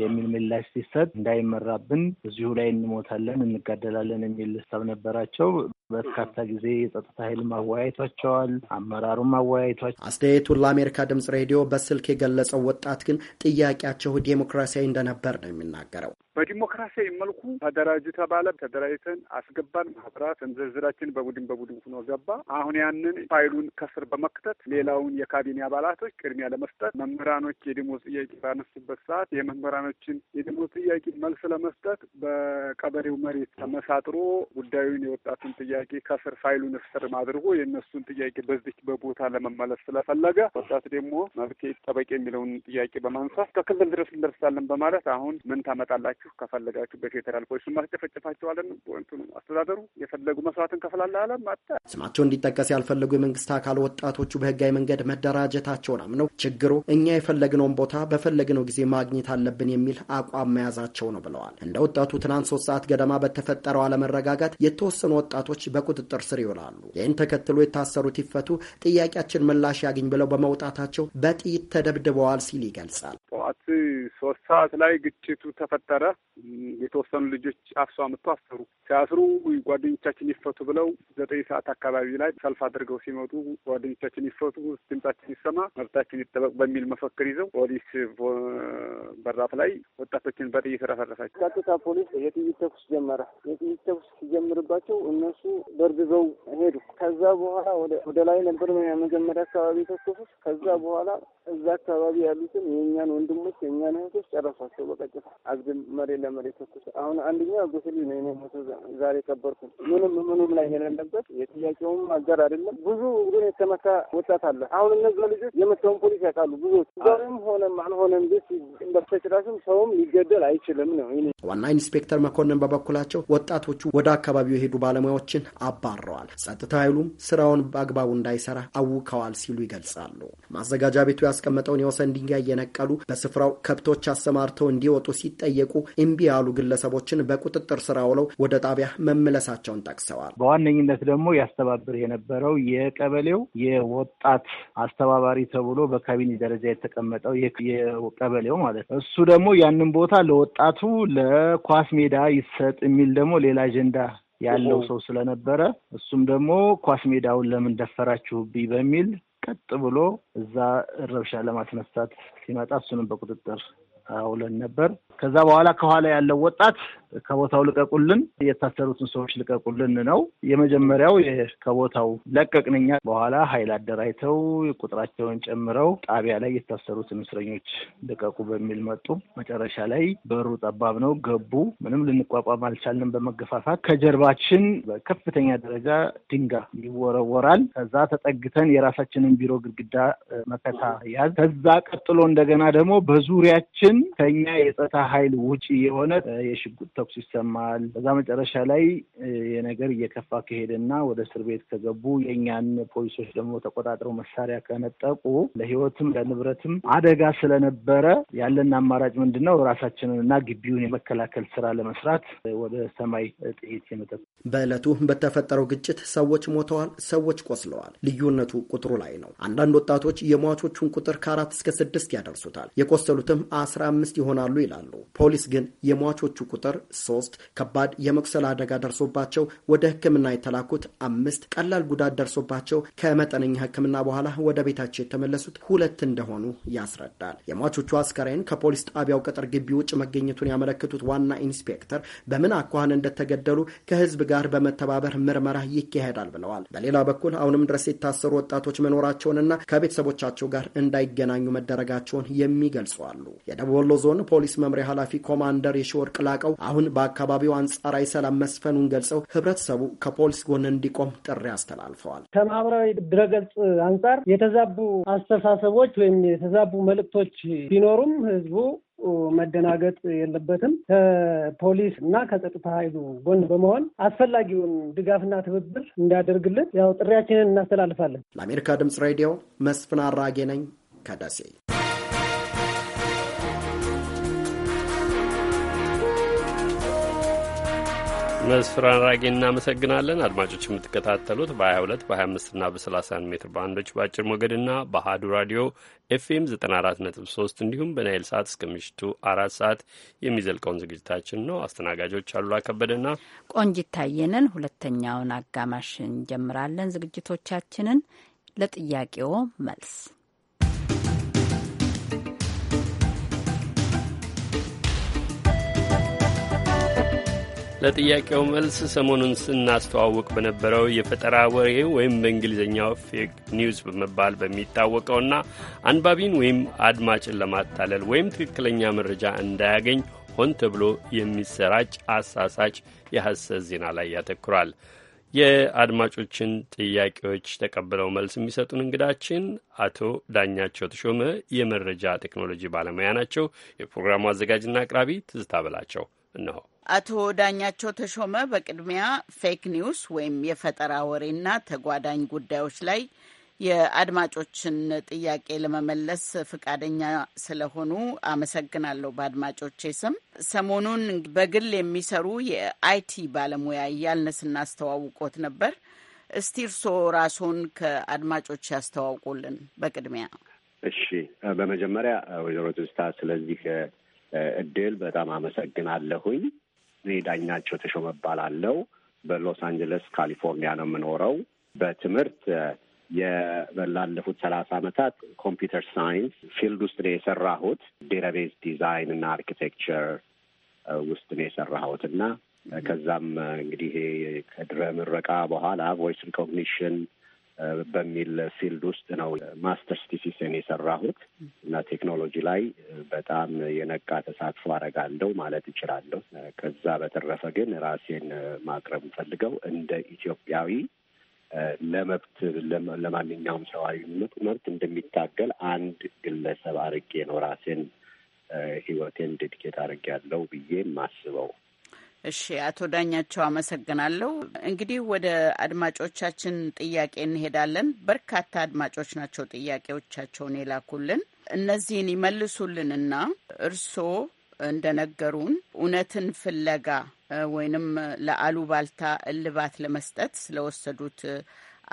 የሚል ምላሽ ሲሰጥ እንዳይመራብን እዚሁ ላይ እንሞታለን፣ እንጋደላለን የሚል ሀሳብ ነበራቸው። በርካታ ጊዜ የጸጥታ ኃይል ማወያየቷቸዋል፣ አመራሩ ማወያየቷቸ አስተያየቱን ለአሜሪካ ድምጽ ሬዲዮ በስልክ የገለጸው ወጣት ግን ጥያቄያቸው ዴሞክራሲያዊ እንደነበር ነው የሚናገረው። በዲሞክራሲያዊ መልኩ ተደራጁ ተባለ። ተደራጅተን አስገባን ማህበራት ዝርዝራችን በቡድን በቡድን ሆኖ ገባ። አሁን ያንን ፋይሉን ከስር በመክተት ሌላውን የካቢኔ አባላቶች ቅድሚያ ለመስጠት መምህራኖች የደሞዝ ጥያቄ ባነሱበት ሰዓት የመምህራኖችን የደሞዝ ጥያቄ መልስ ለመስጠት በቀበሌው መሬት ተመሳጥሮ ጉዳዩን የወጣቱን ጥያቄ ጥያቄ ከስር ፋይሉን ስር አድርጎ የእነሱን ጥያቄ በዚህ በቦታ ለመመለስ ስለፈለገ ወጣት ደግሞ መብት ጠበቅ የሚለውን ጥያቄ በማንሳት ከክልል ድረስ እንደርሳለን በማለት አሁን ምን ታመጣላችሁ ከፈለጋችሁ በፌዴራል ፖሊስ ማስጨፈጨፋቸዋለን ወንቱን አስተዳደሩ የፈለጉ መስዋዕትን ከፍላለ አለ ማጣ ስማቸው እንዲጠቀስ ያልፈለጉ የመንግስት አካል ወጣቶቹ በህጋዊ መንገድ መደራጀታቸውን አምነው ችግሩ እኛ የፈለግነውን ቦታ በፈለግነው ጊዜ ማግኘት አለብን የሚል አቋም መያዛቸው ነው ብለዋል። እንደ ወጣቱ ትናንት ሶስት ሰዓት ገደማ በተፈጠረው አለመረጋጋት የተወሰኑ ወጣቶች በቁጥጥር ስር ይውላሉ። ይህን ተከትሎ የታሰሩት ይፈቱ፣ ጥያቄያችን ምላሽ ያግኝ ብለው በመውጣታቸው በጥይት ተደብድበዋል ሲል ይገልጻል። ጠዋት ሶስት ሰዓት ላይ ግጭቱ ተፈጠረ። የተወሰኑ ልጆች አፍሶ አምጥቶ አሰሩ። ሲያስሩ ጓደኞቻችን ይፈቱ ብለው ዘጠኝ ሰዓት አካባቢ ላይ ሰልፍ አድርገው ሲመጡ ጓደኞቻችን ይፈቱ፣ ድምጻችን ይሰማ፣ መብታችን ይጠበቅ በሚል መፈክር ይዘው ፖሊስ በራፍ ላይ ወጣቶችን በጥይት ረፈረፋቸው። ቀጥታ ፖሊስ የጥይት ተኩስ ጀመረ። የጥይት ተኩስ ሲጀምርባቸው እነሱ በርግዘው ሄዱ። ከዛ በኋላ ወደ ላይ ነበር መጀመሪያ አካባቢ የተኮሱት። ከዛ በኋላ እዛ አካባቢ ያሉትን የእኛን ወንድሞች የእኛን እህቶች ጨረሷቸው። በቀጥታ አግድም መሬት ለመሬት ተኩስ። አሁን አንደኛ ጎስሊ ነው የኔ ሞቶ ዛሬ ቀበርኩ። ምንም ምኑም ላይ የሌለበት የጥያቄውም አገር አይደለም። ብዙ ግን የተመካ ወጣት አለ። አሁን እነዛ ልጆች የመተውን ፖሊስ ያውቃሉ። ብዙዎች ዛሬም ሆነም አልሆነም ቤት በተጭራሽም ሰውም ሊገደል አይችልም ነው። ዋና ኢንስፔክተር መኮንን በበኩላቸው ወጣቶቹ ወደ አካባቢው የሄዱ ባለሙያዎችን ሰዎችን አባረዋል። ጸጥታ ኃይሉም ስራውን በአግባቡ እንዳይሰራ አውከዋል ሲሉ ይገልጻሉ። ማዘጋጃ ቤቱ ያስቀመጠውን የወሰን ድንጋይ እየነቀሉ በስፍራው ከብቶች አሰማርተው እንዲወጡ ሲጠየቁ እምቢ ያሉ ግለሰቦችን በቁጥጥር ስራ ውለው ወደ ጣቢያ መመለሳቸውን ጠቅሰዋል። በዋነኝነት ደግሞ ያስተባብር የነበረው የቀበሌው የወጣት አስተባባሪ ተብሎ በካቢኔ ደረጃ የተቀመጠው የቀበሌው ማለት ነው። እሱ ደግሞ ያንን ቦታ ለወጣቱ ለኳስ ሜዳ ይሰጥ የሚል ደግሞ ሌላ አጀንዳ ያለው ሰው ስለነበረ እሱም ደግሞ ኳስ ሜዳውን ለምን ደፈራችሁብኝ በሚል ቀጥ ብሎ እዛ ረብሻ ለማስነሳት ሲመጣ እሱንም በቁጥጥር አውለን ነበር። ከዛ በኋላ ከኋላ ያለው ወጣት ከቦታው ልቀቁልን፣ የታሰሩትን ሰዎች ልቀቁልን ነው የመጀመሪያው። ከቦታው ለቀቅንኛ በኋላ ኃይል አደራጅተው ቁጥራቸውን ጨምረው ጣቢያ ላይ የታሰሩትን እስረኞች ልቀቁ በሚል መጡ። መጨረሻ ላይ በሩ ጠባብ ነው፣ ገቡ። ምንም ልንቋቋም አልቻልንም። በመገፋፋት ከጀርባችን በከፍተኛ ደረጃ ድንጋይ ይወረወራል። ከዛ ተጠግተን የራሳችንን ቢሮ ግድግዳ መከታ ያዝ። ከዛ ቀጥሎ እንደገና ደግሞ በዙሪያችን ግን ከኛ የጸጥታ ኃይል ውጪ የሆነ የሽጉጥ ተኩስ ይሰማል። በዛ መጨረሻ ላይ የነገር እየከፋ ከሄደና ወደ እስር ቤት ከገቡ የእኛን ፖሊሶች ደግሞ ተቆጣጥረው መሳሪያ ከነጠቁ ለህይወትም ለንብረትም አደጋ ስለነበረ ያለን አማራጭ ምንድን ነው? ራሳችንን እና ግቢውን የመከላከል ስራ ለመስራት ወደ ሰማይ ጥይት የመጠቁ በዕለቱ በተፈጠረው ግጭት ሰዎች ሞተዋል፣ ሰዎች ቆስለዋል። ልዩነቱ ቁጥሩ ላይ ነው። አንዳንድ ወጣቶች የሟቾቹን ቁጥር ከአራት እስከ ስድስት ያደርሱታል። የቆሰሉትም አስራ 15 ይሆናሉ ይላሉ። ፖሊስ ግን የሟቾቹ ቁጥር ሶስት፣ ከባድ የመቁሰል አደጋ ደርሶባቸው ወደ ሕክምና የተላኩት አምስት፣ ቀላል ጉዳት ደርሶባቸው ከመጠነኛ ሕክምና በኋላ ወደ ቤታቸው የተመለሱት ሁለት እንደሆኑ ያስረዳል። የሟቾቹ አስከሬን ከፖሊስ ጣቢያው ቅጥር ግቢ ውጭ መገኘቱን ያመለክቱት ዋና ኢንስፔክተር በምን አኳኋን እንደተገደሉ ከህዝብ ጋር በመተባበር ምርመራ ይካሄዳል ብለዋል። በሌላ በኩል አሁንም ድረስ የታሰሩ ወጣቶች መኖራቸውንና ከቤተሰቦቻቸው ጋር እንዳይገናኙ መደረጋቸውን የሚገልጹ አሉ። የደቡብ ወሎ ዞን ፖሊስ መምሪያ ኃላፊ ኮማንደር የሺወርቅ ላቀው አሁን በአካባቢው አንጻራዊ ሰላም መስፈኑን ገልጸው ህብረተሰቡ ከፖሊስ ጎን እንዲቆም ጥሪ አስተላልፈዋል። ከማህበራዊ ድረገጽ አንጻር የተዛቡ አስተሳሰቦች ወይም የተዛቡ መልእክቶች ቢኖሩም ህዝቡ መደናገጥ የለበትም። ከፖሊስ እና ከጸጥታ ኃይሉ ጎን በመሆን አስፈላጊውን ድጋፍና ትብብር እንዲያደርግልን ያው ጥሪያችንን እናስተላልፋለን። ለአሜሪካ ድምፅ ሬዲዮ መስፍን አራጌ ነኝ ከደሴ። መስፍን አራጌ እናመሰግናለን። አድማጮች የምትከታተሉት በ22 በ25ና በ31 ሜትር ባንዶች በአጭር ሞገድና በአሀዱ ራዲዮ ኤፍኤም 94.3 እንዲሁም በናይል ሰዓት እስከ ምሽቱ አራት ሰዓት የሚዘልቀውን ዝግጅታችን ነው። አስተናጋጆች አሉላ ከበደና ቆንጂት ታየንን ሁለተኛውን አጋማሽ እንጀምራለን። ዝግጅቶቻችንን ለጥያቄው መልስ ለጥያቄው መልስ ሰሞኑን ስናስተዋውቅ በነበረው የፈጠራ ወሬ ወይም በእንግሊዝኛው ፌክ ኒውስ በመባል በሚታወቀውና አንባቢን ወይም አድማጭን ለማታለል ወይም ትክክለኛ መረጃ እንዳያገኝ ሆን ተብሎ የሚሰራጭ አሳሳች የሐሰት ዜና ላይ ያተኩራል። የአድማጮችን ጥያቄዎች ተቀብለው መልስ የሚሰጡን እንግዳችን አቶ ዳኛቸው ተሾመ የመረጃ ቴክኖሎጂ ባለሙያ ናቸው። የፕሮግራሙ አዘጋጅና አቅራቢ ትዝታ በላቸው እነሆ። አቶ ዳኛቸው ተሾመ በቅድሚያ ፌክ ኒውስ ወይም የፈጠራ ወሬና ተጓዳኝ ጉዳዮች ላይ የአድማጮችን ጥያቄ ለመመለስ ፈቃደኛ ስለሆኑ አመሰግናለሁ። በአድማጮቼ ስም ሰሞኑን በግል የሚሰሩ የአይቲ ባለሙያ እያልን ስናስተዋውቆት ነበር። እስቲ እርስዎ ራስዎን ከአድማጮች ያስተዋውቁልን በቅድሚያ። እሺ፣ በመጀመሪያ ወይዘሮ ትዝታ ስለዚህ እድል በጣም አመሰግናለሁኝ። ዳኛቸው ተሾመ እባላለሁ። በሎስ አንጀለስ ካሊፎርኒያ ነው የምኖረው። በትምህርት ላለፉት ሰላሳ አመታት ኮምፒውተር ሳይንስ ፊልድ ውስጥ ነው የሰራሁት። ዴራቤዝ ዲዛይን እና አርኪቴክቸር ውስጥ ነው የሰራሁት እና ከዛም እንግዲህ ከድረ ምረቃ በኋላ ቮይስ ሪኮግኒሽን በሚል ፊልድ ውስጥ ነው ማስተርስ ቲሲስን የሰራሁት እና ቴክኖሎጂ ላይ በጣም የነቃ ተሳትፎ አደርጋለሁ ማለት እችላለሁ። ከዛ በተረፈ ግን ራሴን ማቅረብ ፈልገው እንደ ኢትዮጵያዊ ለመብት ለማንኛውም ሰብአዊነት መብት እንደሚታገል አንድ ግለሰብ አድርጌ ነው ራሴን ህይወቴን ድድጌት አርጌ ያለው ብዬ ማስበው። እሺ አቶ ዳኛቸው አመሰግናለሁ። እንግዲህ ወደ አድማጮቻችን ጥያቄ እንሄዳለን። በርካታ አድማጮች ናቸው ጥያቄዎቻቸውን የላኩልን። እነዚህን ይመልሱልንና እርስዎ እንደነገሩን እውነትን ፍለጋ ወይንም ለአሉባልታ እልባት ለመስጠት ስለወሰዱት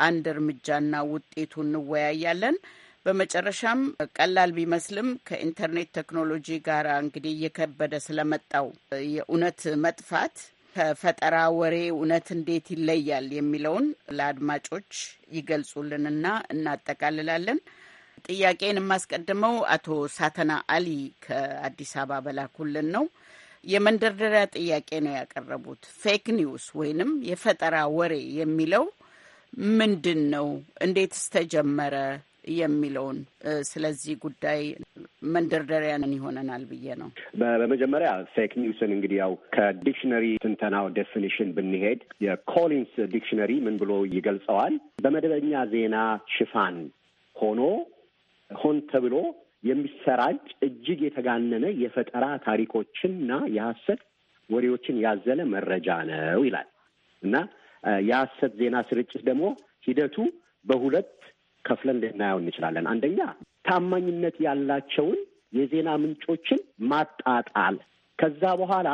አንድ እርምጃና ውጤቱ እንወያያለን። በመጨረሻም ቀላል ቢመስልም ከኢንተርኔት ቴክኖሎጂ ጋር እንግዲህ እየከበደ ስለመጣው የእውነት መጥፋት ከፈጠራ ወሬ እውነት እንዴት ይለያል የሚለውን ለአድማጮች ይገልጹልንና እናጠቃልላለን። ጥያቄን የማስቀድመው አቶ ሳተና አሊ ከአዲስ አበባ በላኩልን ነው። የመንደርደሪያ ጥያቄ ነው ያቀረቡት። ፌክ ኒውስ ወይንም የፈጠራ ወሬ የሚለው ምንድን ነው? እንዴትስ ተጀመረ? የሚለውን ስለዚህ ጉዳይ መንደርደሪያን ይሆነናል ብዬ ነው። በመጀመሪያ ፌክ ኒውስን እንግዲህ ያው ከዲክሽነሪ ትንተናው ዴፊኒሽን ብንሄድ የኮሊንስ ዲክሽነሪ ምን ብሎ ይገልጸዋል? በመደበኛ ዜና ሽፋን ሆኖ ሆን ተብሎ የሚሰራጭ እጅግ የተጋነነ የፈጠራ ታሪኮችንና የሐሰት ወሬዎችን ያዘለ መረጃ ነው ይላል እና የሐሰት ዜና ስርጭት ደግሞ ሂደቱ በሁለት ከፍለን ልናየው እንችላለን። አንደኛ ታማኝነት ያላቸውን የዜና ምንጮችን ማጣጣል፣ ከዛ በኋላ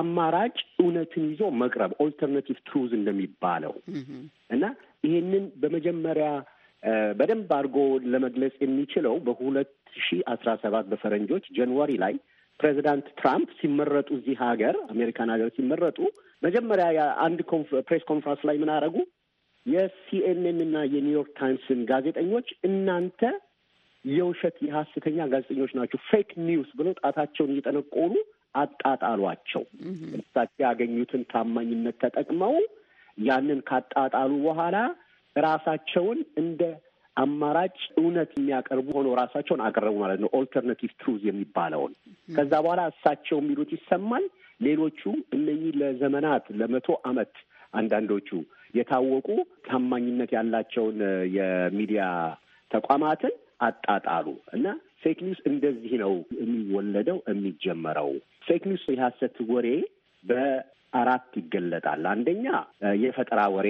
አማራጭ እውነትን ይዞ መቅረብ ኦልተርናቲቭ ትሩዝ እንደሚባለው እና ይሄንን በመጀመሪያ በደንብ አድርጎ ለመግለጽ የሚችለው በሁለት ሺ አስራ ሰባት በፈረንጆች ጃንዋሪ ላይ ፕሬዚዳንት ትራምፕ ሲመረጡ እዚህ ሀገር አሜሪካን ሀገር ሲመረጡ መጀመሪያ አንድ ፕሬስ ኮንፈረንስ ላይ ምን አደረጉ? የሲኤንኤን እና የኒውዮርክ ታይምስን ጋዜጠኞች እናንተ የውሸት የሀሰተኛ ጋዜጠኞች ናቸው ፌክ ኒውስ ብለው ጣታቸውን እየጠነቆሩ አጣጣሏቸው። እሳቸው ያገኙትን ታማኝነት ተጠቅመው ያንን ካጣጣሉ በኋላ ራሳቸውን እንደ አማራጭ እውነት የሚያቀርቡ ሆኖ ራሳቸውን አቀረቡ ማለት ነው፣ ኦልተርናቲቭ ትሩዝ የሚባለውን። ከዛ በኋላ እሳቸው የሚሉት ይሰማል፣ ሌሎቹ እነኚህ ለዘመናት ለመቶ ዓመት አንዳንዶቹ የታወቁ ታማኝነት ያላቸውን የሚዲያ ተቋማትን አጣጣሉ እና ፌክ ኒውስ እንደዚህ ነው የሚወለደው የሚጀመረው። ፌክ ኒውስ የሐሰት ወሬ በአራት ይገለጣል። አንደኛ የፈጠራ ወሬ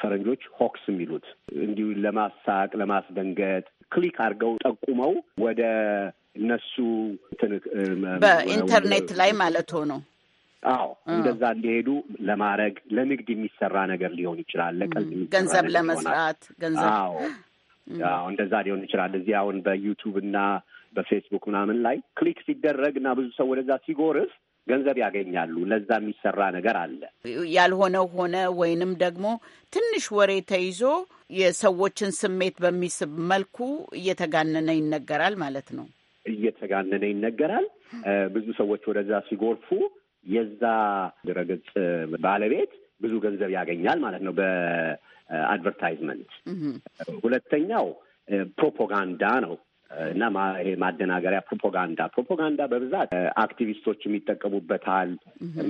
ፈረንጆች ሆክስ የሚሉት እንዲሁ ለማሳቅ ለማስደንገጥ ክሊክ አድርገው ጠቁመው ወደ እነሱ በኢንተርኔት ላይ ማለት ሆነው አዎ እንደዛ እንዲሄዱ ለማድረግ ለንግድ የሚሰራ ነገር ሊሆን ይችላል። ለቀልድ ገንዘብ ለመስራት ገንዘብ አዎ እንደዛ ሊሆን ይችላል። እዚህ አሁን በዩቱብ እና በፌስቡክ ምናምን ላይ ክሊክ ሲደረግ እና ብዙ ሰው ወደዛ ሲጎርፍ ገንዘብ ያገኛሉ። ለዛ የሚሰራ ነገር አለ። ያልሆነው ሆነ ወይንም ደግሞ ትንሽ ወሬ ተይዞ የሰዎችን ስሜት በሚስብ መልኩ እየተጋነነ ይነገራል ማለት ነው። እየተጋነነ ይነገራል። ብዙ ሰዎች ወደዛ ሲጎርፉ የዛ ድረገጽ ባለቤት ብዙ ገንዘብ ያገኛል ማለት ነው በአድቨርታይዝመንት። ሁለተኛው ፕሮፓጋንዳ ነው እና ይሄ ማደናገሪያ ፕሮፓጋንዳ ፕሮፓጋንዳ በብዛት አክቲቪስቶችም ይጠቀሙበታል፣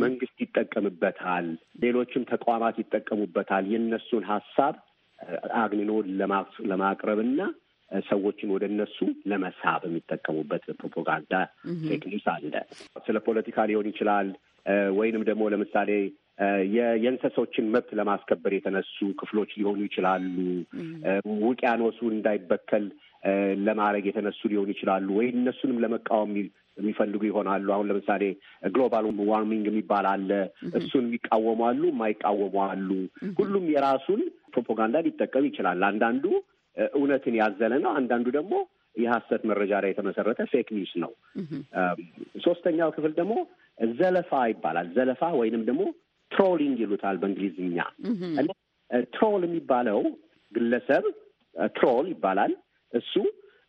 መንግስት ይጠቀምበታል፣ ሌሎችም ተቋማት ይጠቀሙበታል። የእነሱን ሀሳብ አግኒኖ ለማቅረብ እና ሰዎችን ወደ እነሱ ለመሳብ የሚጠቀሙበት ፕሮፓጋንዳ ቴክኒክ አለ። ስለ ፖለቲካ ሊሆን ይችላል፣ ወይንም ደግሞ ለምሳሌ የእንሰሶችን መብት ለማስከበር የተነሱ ክፍሎች ሊሆኑ ይችላሉ። ውቅያኖሱ እንዳይበከል ለማድረግ የተነሱ ሊሆኑ ይችላሉ። ወይ እነሱንም ለመቃወም የሚፈልጉ ይሆናሉ። አሁን ለምሳሌ ግሎባል ዋርሚንግ የሚባል አለ። እሱን የሚቃወሙ አሉ፣ የማይቃወሙ አሉ። ሁሉም የራሱን ፕሮፓጋንዳ ሊጠቀም ይችላል። አንዳንዱ እውነትን ያዘለ ነው፣ አንዳንዱ ደግሞ የሀሰት መረጃ ላይ የተመሰረተ ፌክ ኒውስ ነው። ሶስተኛው ክፍል ደግሞ ዘለፋ ይባላል። ዘለፋ ወይንም ደግሞ ትሮሊንግ ይሉታል በእንግሊዝኛ። ትሮል የሚባለው ግለሰብ ትሮል ይባላል። እሱ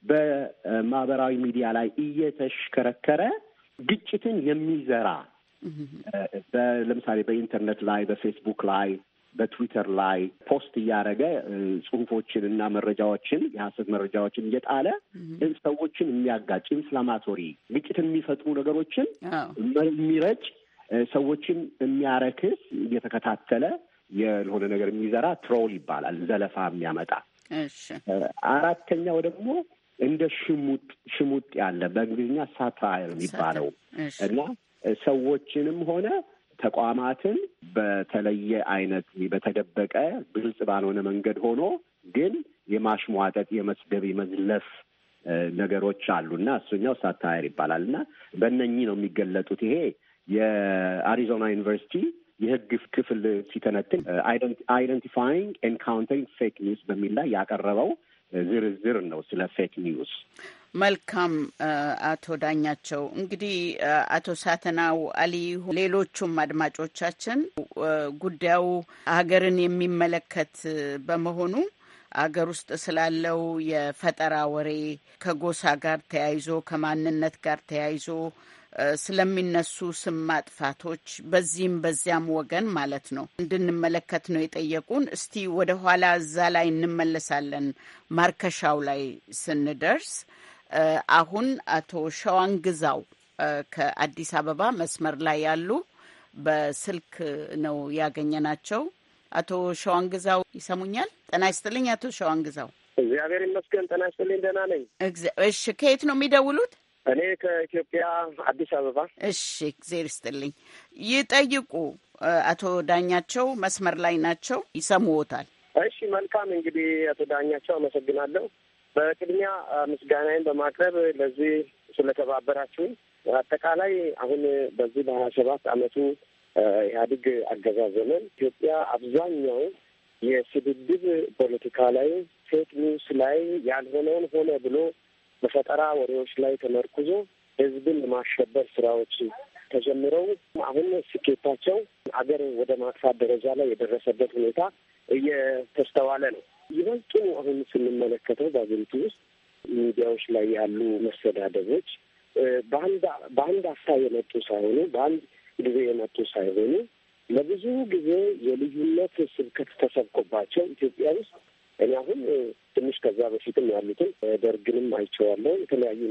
በማህበራዊ ሚዲያ ላይ እየተሽከረከረ ግጭትን የሚዘራ ለምሳሌ በኢንተርኔት ላይ፣ በፌስቡክ ላይ፣ በትዊተር ላይ ፖስት እያደረገ ጽሁፎችን እና መረጃዎችን የሀሰት መረጃዎችን እየጣለ ሰዎችን የሚያጋጭ ኢንፍላማቶሪ፣ ግጭት የሚፈጥሩ ነገሮችን የሚረጭ ሰዎችን የሚያረክስ እየተከታተለ የሆነ ነገር የሚዘራ ትሮል ይባላል። ዘለፋ የሚያመጣ አራተኛው ደግሞ እንደ ሽሙጥ ሽሙጥ ያለ በእንግሊዝኛ ሳታየር የሚባለው እና ሰዎችንም ሆነ ተቋማትን በተለየ አይነት በተደበቀ ግልጽ ባልሆነ መንገድ ሆኖ ግን የማሽሟጠጥ የመስደብ፣ የመዝለፍ ነገሮች አሉ እና እሱኛው ሳታየር ይባላል እና በእነኚህ ነው የሚገለጡት። ይሄ የአሪዞና ዩኒቨርሲቲ የህግ ክፍል ሲተነትን አይደንቲፋይንግ ኤንካውንተሪንግ ፌክ ኒውስ በሚል ላይ ያቀረበው ዝርዝር ነው ስለ ፌክ ኒውስ። መልካም አቶ ዳኛቸው እንግዲህ አቶ ሳተናው አሊ፣ ሌሎቹም አድማጮቻችን ጉዳዩ ሀገርን የሚመለከት በመሆኑ አገር ውስጥ ስላለው የፈጠራ ወሬ ከጎሳ ጋር ተያይዞ ከማንነት ጋር ተያይዞ ስለሚነሱ ስም ማጥፋቶች በዚህም በዚያም ወገን ማለት ነው እንድንመለከት ነው የጠየቁን። እስቲ ወደ ኋላ እዛ ላይ እንመለሳለን ማርከሻው ላይ ስንደርስ። አሁን አቶ ሸዋን ግዛው ከአዲስ አበባ መስመር ላይ ያሉ በስልክ ነው ያገኘናቸው። አቶ ሸዋን ግዛው ይሰሙኛል? ጤና ይስጥልኝ አቶ ሸዋን ግዛው። እግዚአብሔር ይመስገን። ጤና ይስጥልኝ። ደህና ነኝ። እሺ፣ ከየት ነው የሚደውሉት? እኔ ከኢትዮጵያ አዲስ አበባ። እሺ፣ እግዜር ይስጥልኝ። ይጠይቁ አቶ ዳኛቸው መስመር ላይ ናቸው፣ ይሰሙዎታል። እሺ፣ መልካም እንግዲህ አቶ ዳኛቸው አመሰግናለሁ። በቅድሚያ ምስጋናዬን በማቅረብ ለዚህ ስለተባበራችሁኝ አጠቃላይ አሁን በዚህ በሀያ ሰባት አመቱ ኢህአዴግ አገዛዝ ዘመን ኢትዮጵያ አብዛኛው የስድድብ ፖለቲካ ላይ ፌክ ኒውስ ላይ ያልሆነውን ሆነ ብሎ በፈጠራ ወሬዎች ላይ ተመርኩዞ ህዝብን ማሸበር ስራዎች ተጀምረው አሁን ስኬታቸው አገር ወደ ማጥፋት ደረጃ ላይ የደረሰበት ሁኔታ እየተስተዋለ ነው። ይበልጡኑ አሁን ስንመለከተው በአገሪቱ ውስጥ ሚዲያዎች ላይ ያሉ መሰዳደቦች በአንድ አፍታ የመጡ ሳይሆኑ፣ በአንድ ጊዜ የመጡ ሳይሆኑ ለብዙ ጊዜ የልዩነት ስብከት ተሰብኮባቸው ኢትዮጵያ ውስጥ እኔ አሁን ትንሽ ከዛ በፊትም ያሉትን ደርግንም አይቼዋለሁ የተለያዩ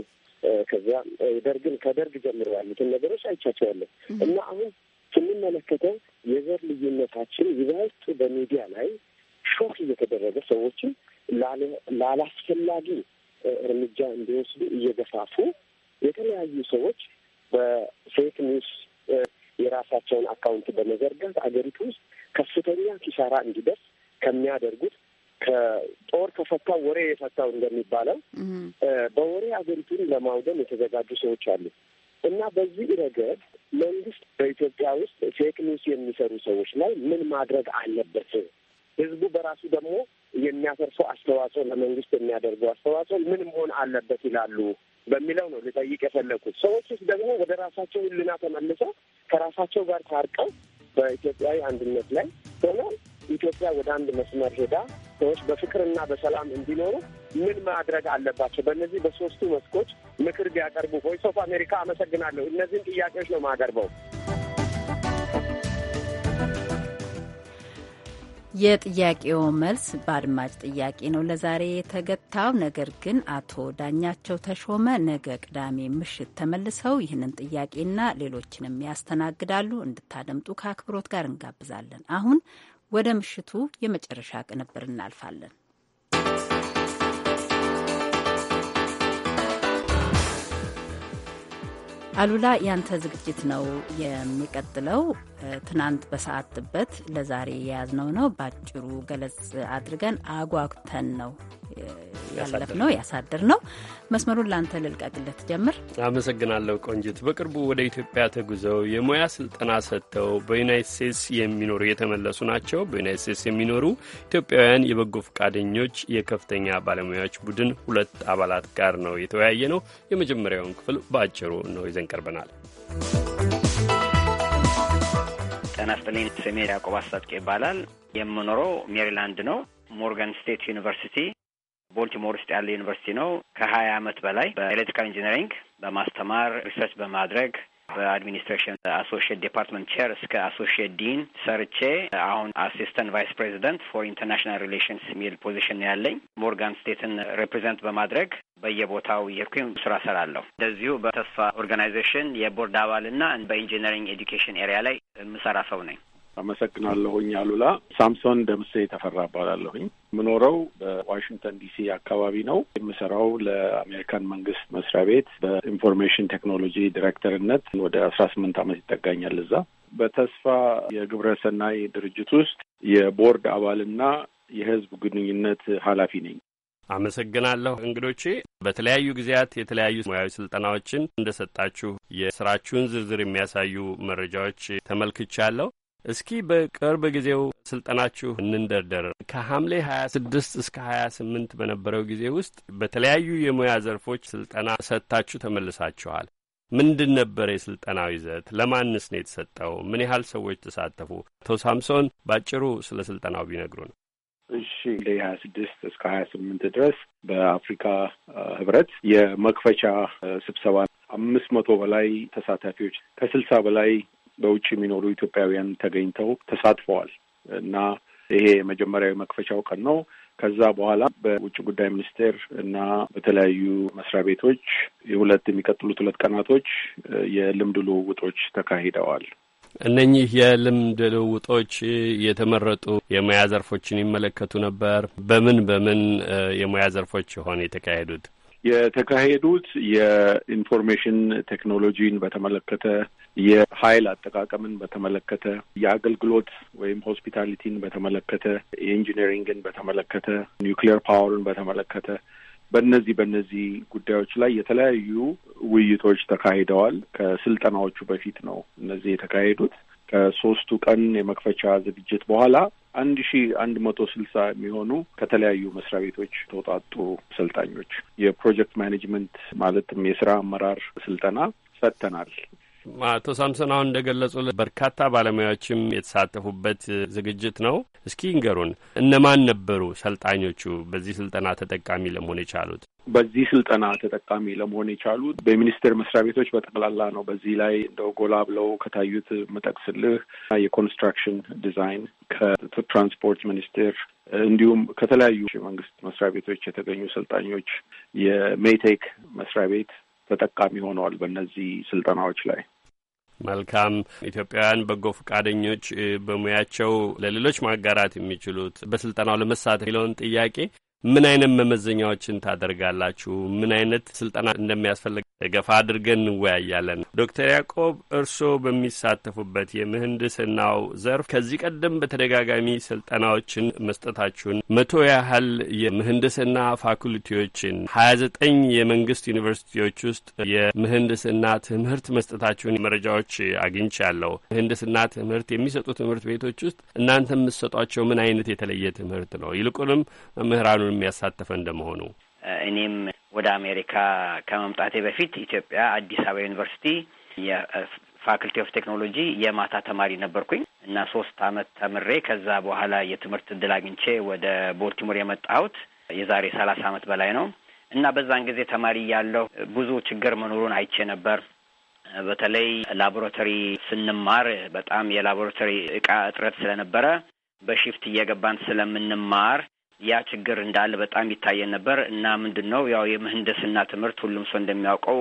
ከዚያ ደርግን ከደርግ ጀምሮ ያሉትን ነገሮች አይቻቸዋለሁ እና አሁን ስንመለከተው የዘር ልዩነታችን ይበልጥ በሚዲያ ላይ ሾክ እየተደረገ ሰዎችም ላላስፈላጊ እርምጃ እንዲወስዱ እየገፋፉ የተለያዩ ሰዎች በፌክ ኒውስ የራሳቸውን አካውንት በመዘርጋት አገሪቱ ውስጥ ከፍተኛ ኪሳራ እንዲደርስ ከሚያደርጉት ከጦር ከፈታው ወሬ የፈታው እንደሚባለው በወሬ ሀገሪቱን ለማውደም የተዘጋጁ ሰዎች አሉ እና በዚህ ረገድ መንግስት በኢትዮጵያ ውስጥ ፌክ ኒውስ የሚሰሩ ሰዎች ላይ ምን ማድረግ አለበት? ህዝቡ በራሱ ደግሞ የሚያፈርሰው አስተዋጽኦ ለመንግስት የሚያደርገው አስተዋጽኦ ምን መሆን አለበት ይላሉ በሚለው ነው ልጠይቅ የፈለኩት። ሰዎች ውስጥ ደግሞ ወደ ራሳቸው ህልና ተመልሰው ከራሳቸው ጋር ታርቀው በኢትዮጵያዊ አንድነት ላይ ሆነው ኢትዮጵያ ወደ አንድ መስመር ሄዳ ሰዎች በፍቅርና በሰላም እንዲኖሩ ምን ማድረግ አለባቸው? በእነዚህ በሶስቱ መስኮች ምክር ቢያቀርቡ። ቮይስ ኦፍ አሜሪካ አመሰግናለሁ። እነዚህን ጥያቄዎች ነው የማቀርበው። የጥያቄው መልስ በአድማጭ ጥያቄ ነው ለዛሬ የተገታው። ነገር ግን አቶ ዳኛቸው ተሾመ ነገ ቅዳሜ ምሽት ተመልሰው ይህንን ጥያቄና ሌሎችንም ያስተናግዳሉ። እንድታደምጡ ከአክብሮት ጋር እንጋብዛለን። አሁን ወደ ምሽቱ የመጨረሻ ቅንብር እናልፋለን። አሉላ ያንተ ዝግጅት ነው የሚቀጥለው። ትናንት በሰዓት ጥበት ለዛሬ የያዝነው ነው። በአጭሩ ገለጽ አድርገን አጓግተን ነው ነው ያሳድር ነው። መስመሩን ለአንተ ልልቀቅለት ጀምር። አመሰግናለሁ ቆንጅት። በቅርቡ ወደ ኢትዮጵያ ተጉዘው የሙያ ስልጠና ሰጥተው በዩናይት ስቴትስ የሚኖሩ የተመለሱ ናቸው። በዩናይት ስቴትስ የሚኖሩ ኢትዮጵያውያን የበጎ ፈቃደኞች የከፍተኛ ባለሙያዎች ቡድን ሁለት አባላት ጋር ነው የተወያየ ነው። የመጀመሪያውን ክፍል በአጭሩ ነው ይዘን ቀርበናል። ጤና ይስጥልኝ። ስሜ ያዕቆብ አስታጥቄ ይባላል። የምኖረው ሜሪላንድ ነው። ሞርጋን ስቴት ዩኒቨርሲቲ ቦልቲሞር ውስጥ ያለ ዩኒቨርሲቲ ነው። ከሀያ አመት በላይ በኤሌክትሪካል ኢንጂነሪንግ በማስተማር ሪሰርች በማድረግ በአድሚኒስትሬሽን አሶሽት ዲፓርትመንት ቼር እስከ አሶሽት ዲን ሰርቼ አሁን አሲስተንት ቫይስ ፕሬዚደንት ፎር ኢንተርናሽናል ሪሌሽንስ የሚል ፖዚሽን ያለኝ ሞርጋን ስቴትን ሪፕሬዘንት በማድረግ በየቦታው የኩኝ ስራ ሰራለሁ። እንደዚሁ በተስፋ ኦርጋናይዜሽን የቦርድ አባልና በኢንጂነሪንግ ኤዱኬሽን ኤሪያ ላይ የምሰራ ሰው ነኝ። አመሰግናለሁኝ አሉላ። ሳምሶን ደምሴ ተፈራ እባላለሁኝ። የምኖረው በዋሽንግተን ዲሲ አካባቢ ነው። የምሰራው ለአሜሪካን መንግስት መስሪያ ቤት በኢንፎርሜሽን ቴክኖሎጂ ዲሬክተርነት ወደ አስራ ስምንት አመት ይጠጋኛል። እዛ በተስፋ የግብረ ሰናይ ድርጅት ውስጥ የቦርድ አባልና የህዝብ ግንኙነት ኃላፊ ነኝ። አመሰግናለሁ። እንግዶቼ በተለያዩ ጊዜያት የተለያዩ ሙያዊ ስልጠናዎችን እንደሰጣችሁ የስራችሁን ዝርዝር የሚያሳዩ መረጃዎች ተመልክቻለሁ። እስኪ በቅርብ ጊዜው ስልጠናችሁ እንንደርደር። ከሐምሌ 26 እስከ 28 በነበረው ጊዜ ውስጥ በተለያዩ የሙያ ዘርፎች ስልጠና ሰጥታችሁ ተመልሳችኋል። ምንድን ነበር የስልጠናው ይዘት? ለማንስ ነው የተሰጠው? ምን ያህል ሰዎች ተሳተፉ? አቶ ሳምሶን ባጭሩ ስለ ስልጠናው ቢነግሩ ነው። እሺ ሀያ ስድስት እስከ ሀያ ስምንት ድረስ በአፍሪካ ህብረት የመክፈቻ ስብሰባ አምስት መቶ በላይ ተሳታፊዎች ከስልሳ በላይ በውጭ የሚኖሩ ኢትዮጵያውያን ተገኝተው ተሳትፈዋል እና ይሄ የመጀመሪያዊ መክፈቻው ቀን ነው። ከዛ በኋላ በውጭ ጉዳይ ሚኒስቴር እና በተለያዩ መስሪያ ቤቶች የሁለት የሚቀጥሉት ሁለት ቀናቶች የልምድ ልውውጦች ተካሂደዋል። እነኚህ የልምድ ልውውጦች የተመረጡ የሙያ ዘርፎችን ይመለከቱ ነበር። በምን በምን የሙያ ዘርፎች ሆን የተካሄዱት? የተካሄዱት የኢንፎርሜሽን ቴክኖሎጂን በተመለከተ፣ የኃይል አጠቃቀምን በተመለከተ፣ የአገልግሎት ወይም ሆስፒታሊቲን በተመለከተ፣ የኢንጂነሪንግን በተመለከተ፣ ኒውክሊየር ፓወርን በተመለከተ በእነዚህ በእነዚህ ጉዳዮች ላይ የተለያዩ ውይይቶች ተካሂደዋል። ከስልጠናዎቹ በፊት ነው እነዚህ የተካሄዱት። ከሶስቱ ቀን የመክፈቻ ዝግጅት በኋላ አንድ ሺ አንድ መቶ ስልሳ የሚሆኑ ከተለያዩ መስሪያ ቤቶች ተውጣጡ ሰልጣኞች የፕሮጀክት ማኔጅመንት ማለትም የስራ አመራር ስልጠና ሰጥተናል። አቶ ሳምሰን አሁን እንደ ገለጹ በርካታ ባለሙያዎችም የተሳተፉበት ዝግጅት ነው። እስኪ እንገሩን እነማን ነበሩ ሰልጣኞቹ? በዚህ ስልጠና ተጠቃሚ ለመሆን የቻሉት በዚህ ስልጠና ተጠቃሚ ለመሆን የቻሉት በሚኒስቴር መስሪያ ቤቶች በጠቅላላ ነው። በዚህ ላይ እንደው ጎላ ብለው ከታዩት መጠቅስልህ የኮንስትራክሽን ዲዛይን ከትራንስፖርት ሚኒስቴር እንዲሁም ከተለያዩ የመንግስት መስሪያ ቤቶች የተገኙ ሰልጣኞች የሜቴክ መስሪያ ቤት ተጠቃሚ ሆነዋል በእነዚህ ስልጠናዎች ላይ። መልካም ኢትዮጵያውያን በጎ ፈቃደኞች በሙያቸው ለሌሎች ማጋራት የሚችሉት በስልጠናው ለመሳተፍ የሚለውን ጥያቄ ምን አይነት መመዘኛዎችን ታደርጋላችሁ? ምን አይነት ስልጠና እንደሚያስፈልግ ገፋ አድርገን እንወያያለን። ዶክተር ያዕቆብ እርስዎ በሚሳተፉበት የምህንድስናው ዘርፍ ከዚህ ቀደም በተደጋጋሚ ስልጠናዎችን መስጠታችሁን መቶ ያህል የምህንድስና ፋኩልቲዎችን ሀያ ዘጠኝ የመንግስት ዩኒቨርሲቲዎች ውስጥ የምህንድስና ትምህርት መስጠታችሁን መረጃዎች አግኝቻለሁ። ምህንድስና ትምህርት የሚሰጡ ትምህርት ቤቶች ውስጥ እናንተ የምትሰጧቸው ምን አይነት የተለየ ትምህርት ነው? ይልቁንም መምህራኑን የሚያሳተፈ እንደመሆኑ እኔም ወደ አሜሪካ ከመምጣቴ በፊት ኢትዮጵያ አዲስ አበባ ዩኒቨርሲቲ የፋክልቲ ኦፍ ቴክኖሎጂ የማታ ተማሪ ነበርኩኝ እና ሶስት አመት ተምሬ ከዛ በኋላ የትምህርት እድል አግኝቼ ወደ ቦልቲሞር የመጣሁት የዛሬ ሰላሳ አመት በላይ ነው እና በዛን ጊዜ ተማሪ ያለው ብዙ ችግር መኖሩን አይቼ ነበር። በተለይ ላቦራቶሪ ስንማር በጣም የላቦራቶሪ እቃ እጥረት ስለነበረ በሽፍት እየገባን ስለምንማር ያ ችግር እንዳለ በጣም ይታየን ነበር እና ምንድን ነው ያው የምህንድስና ትምህርት ሁሉም ሰው እንደሚያውቀው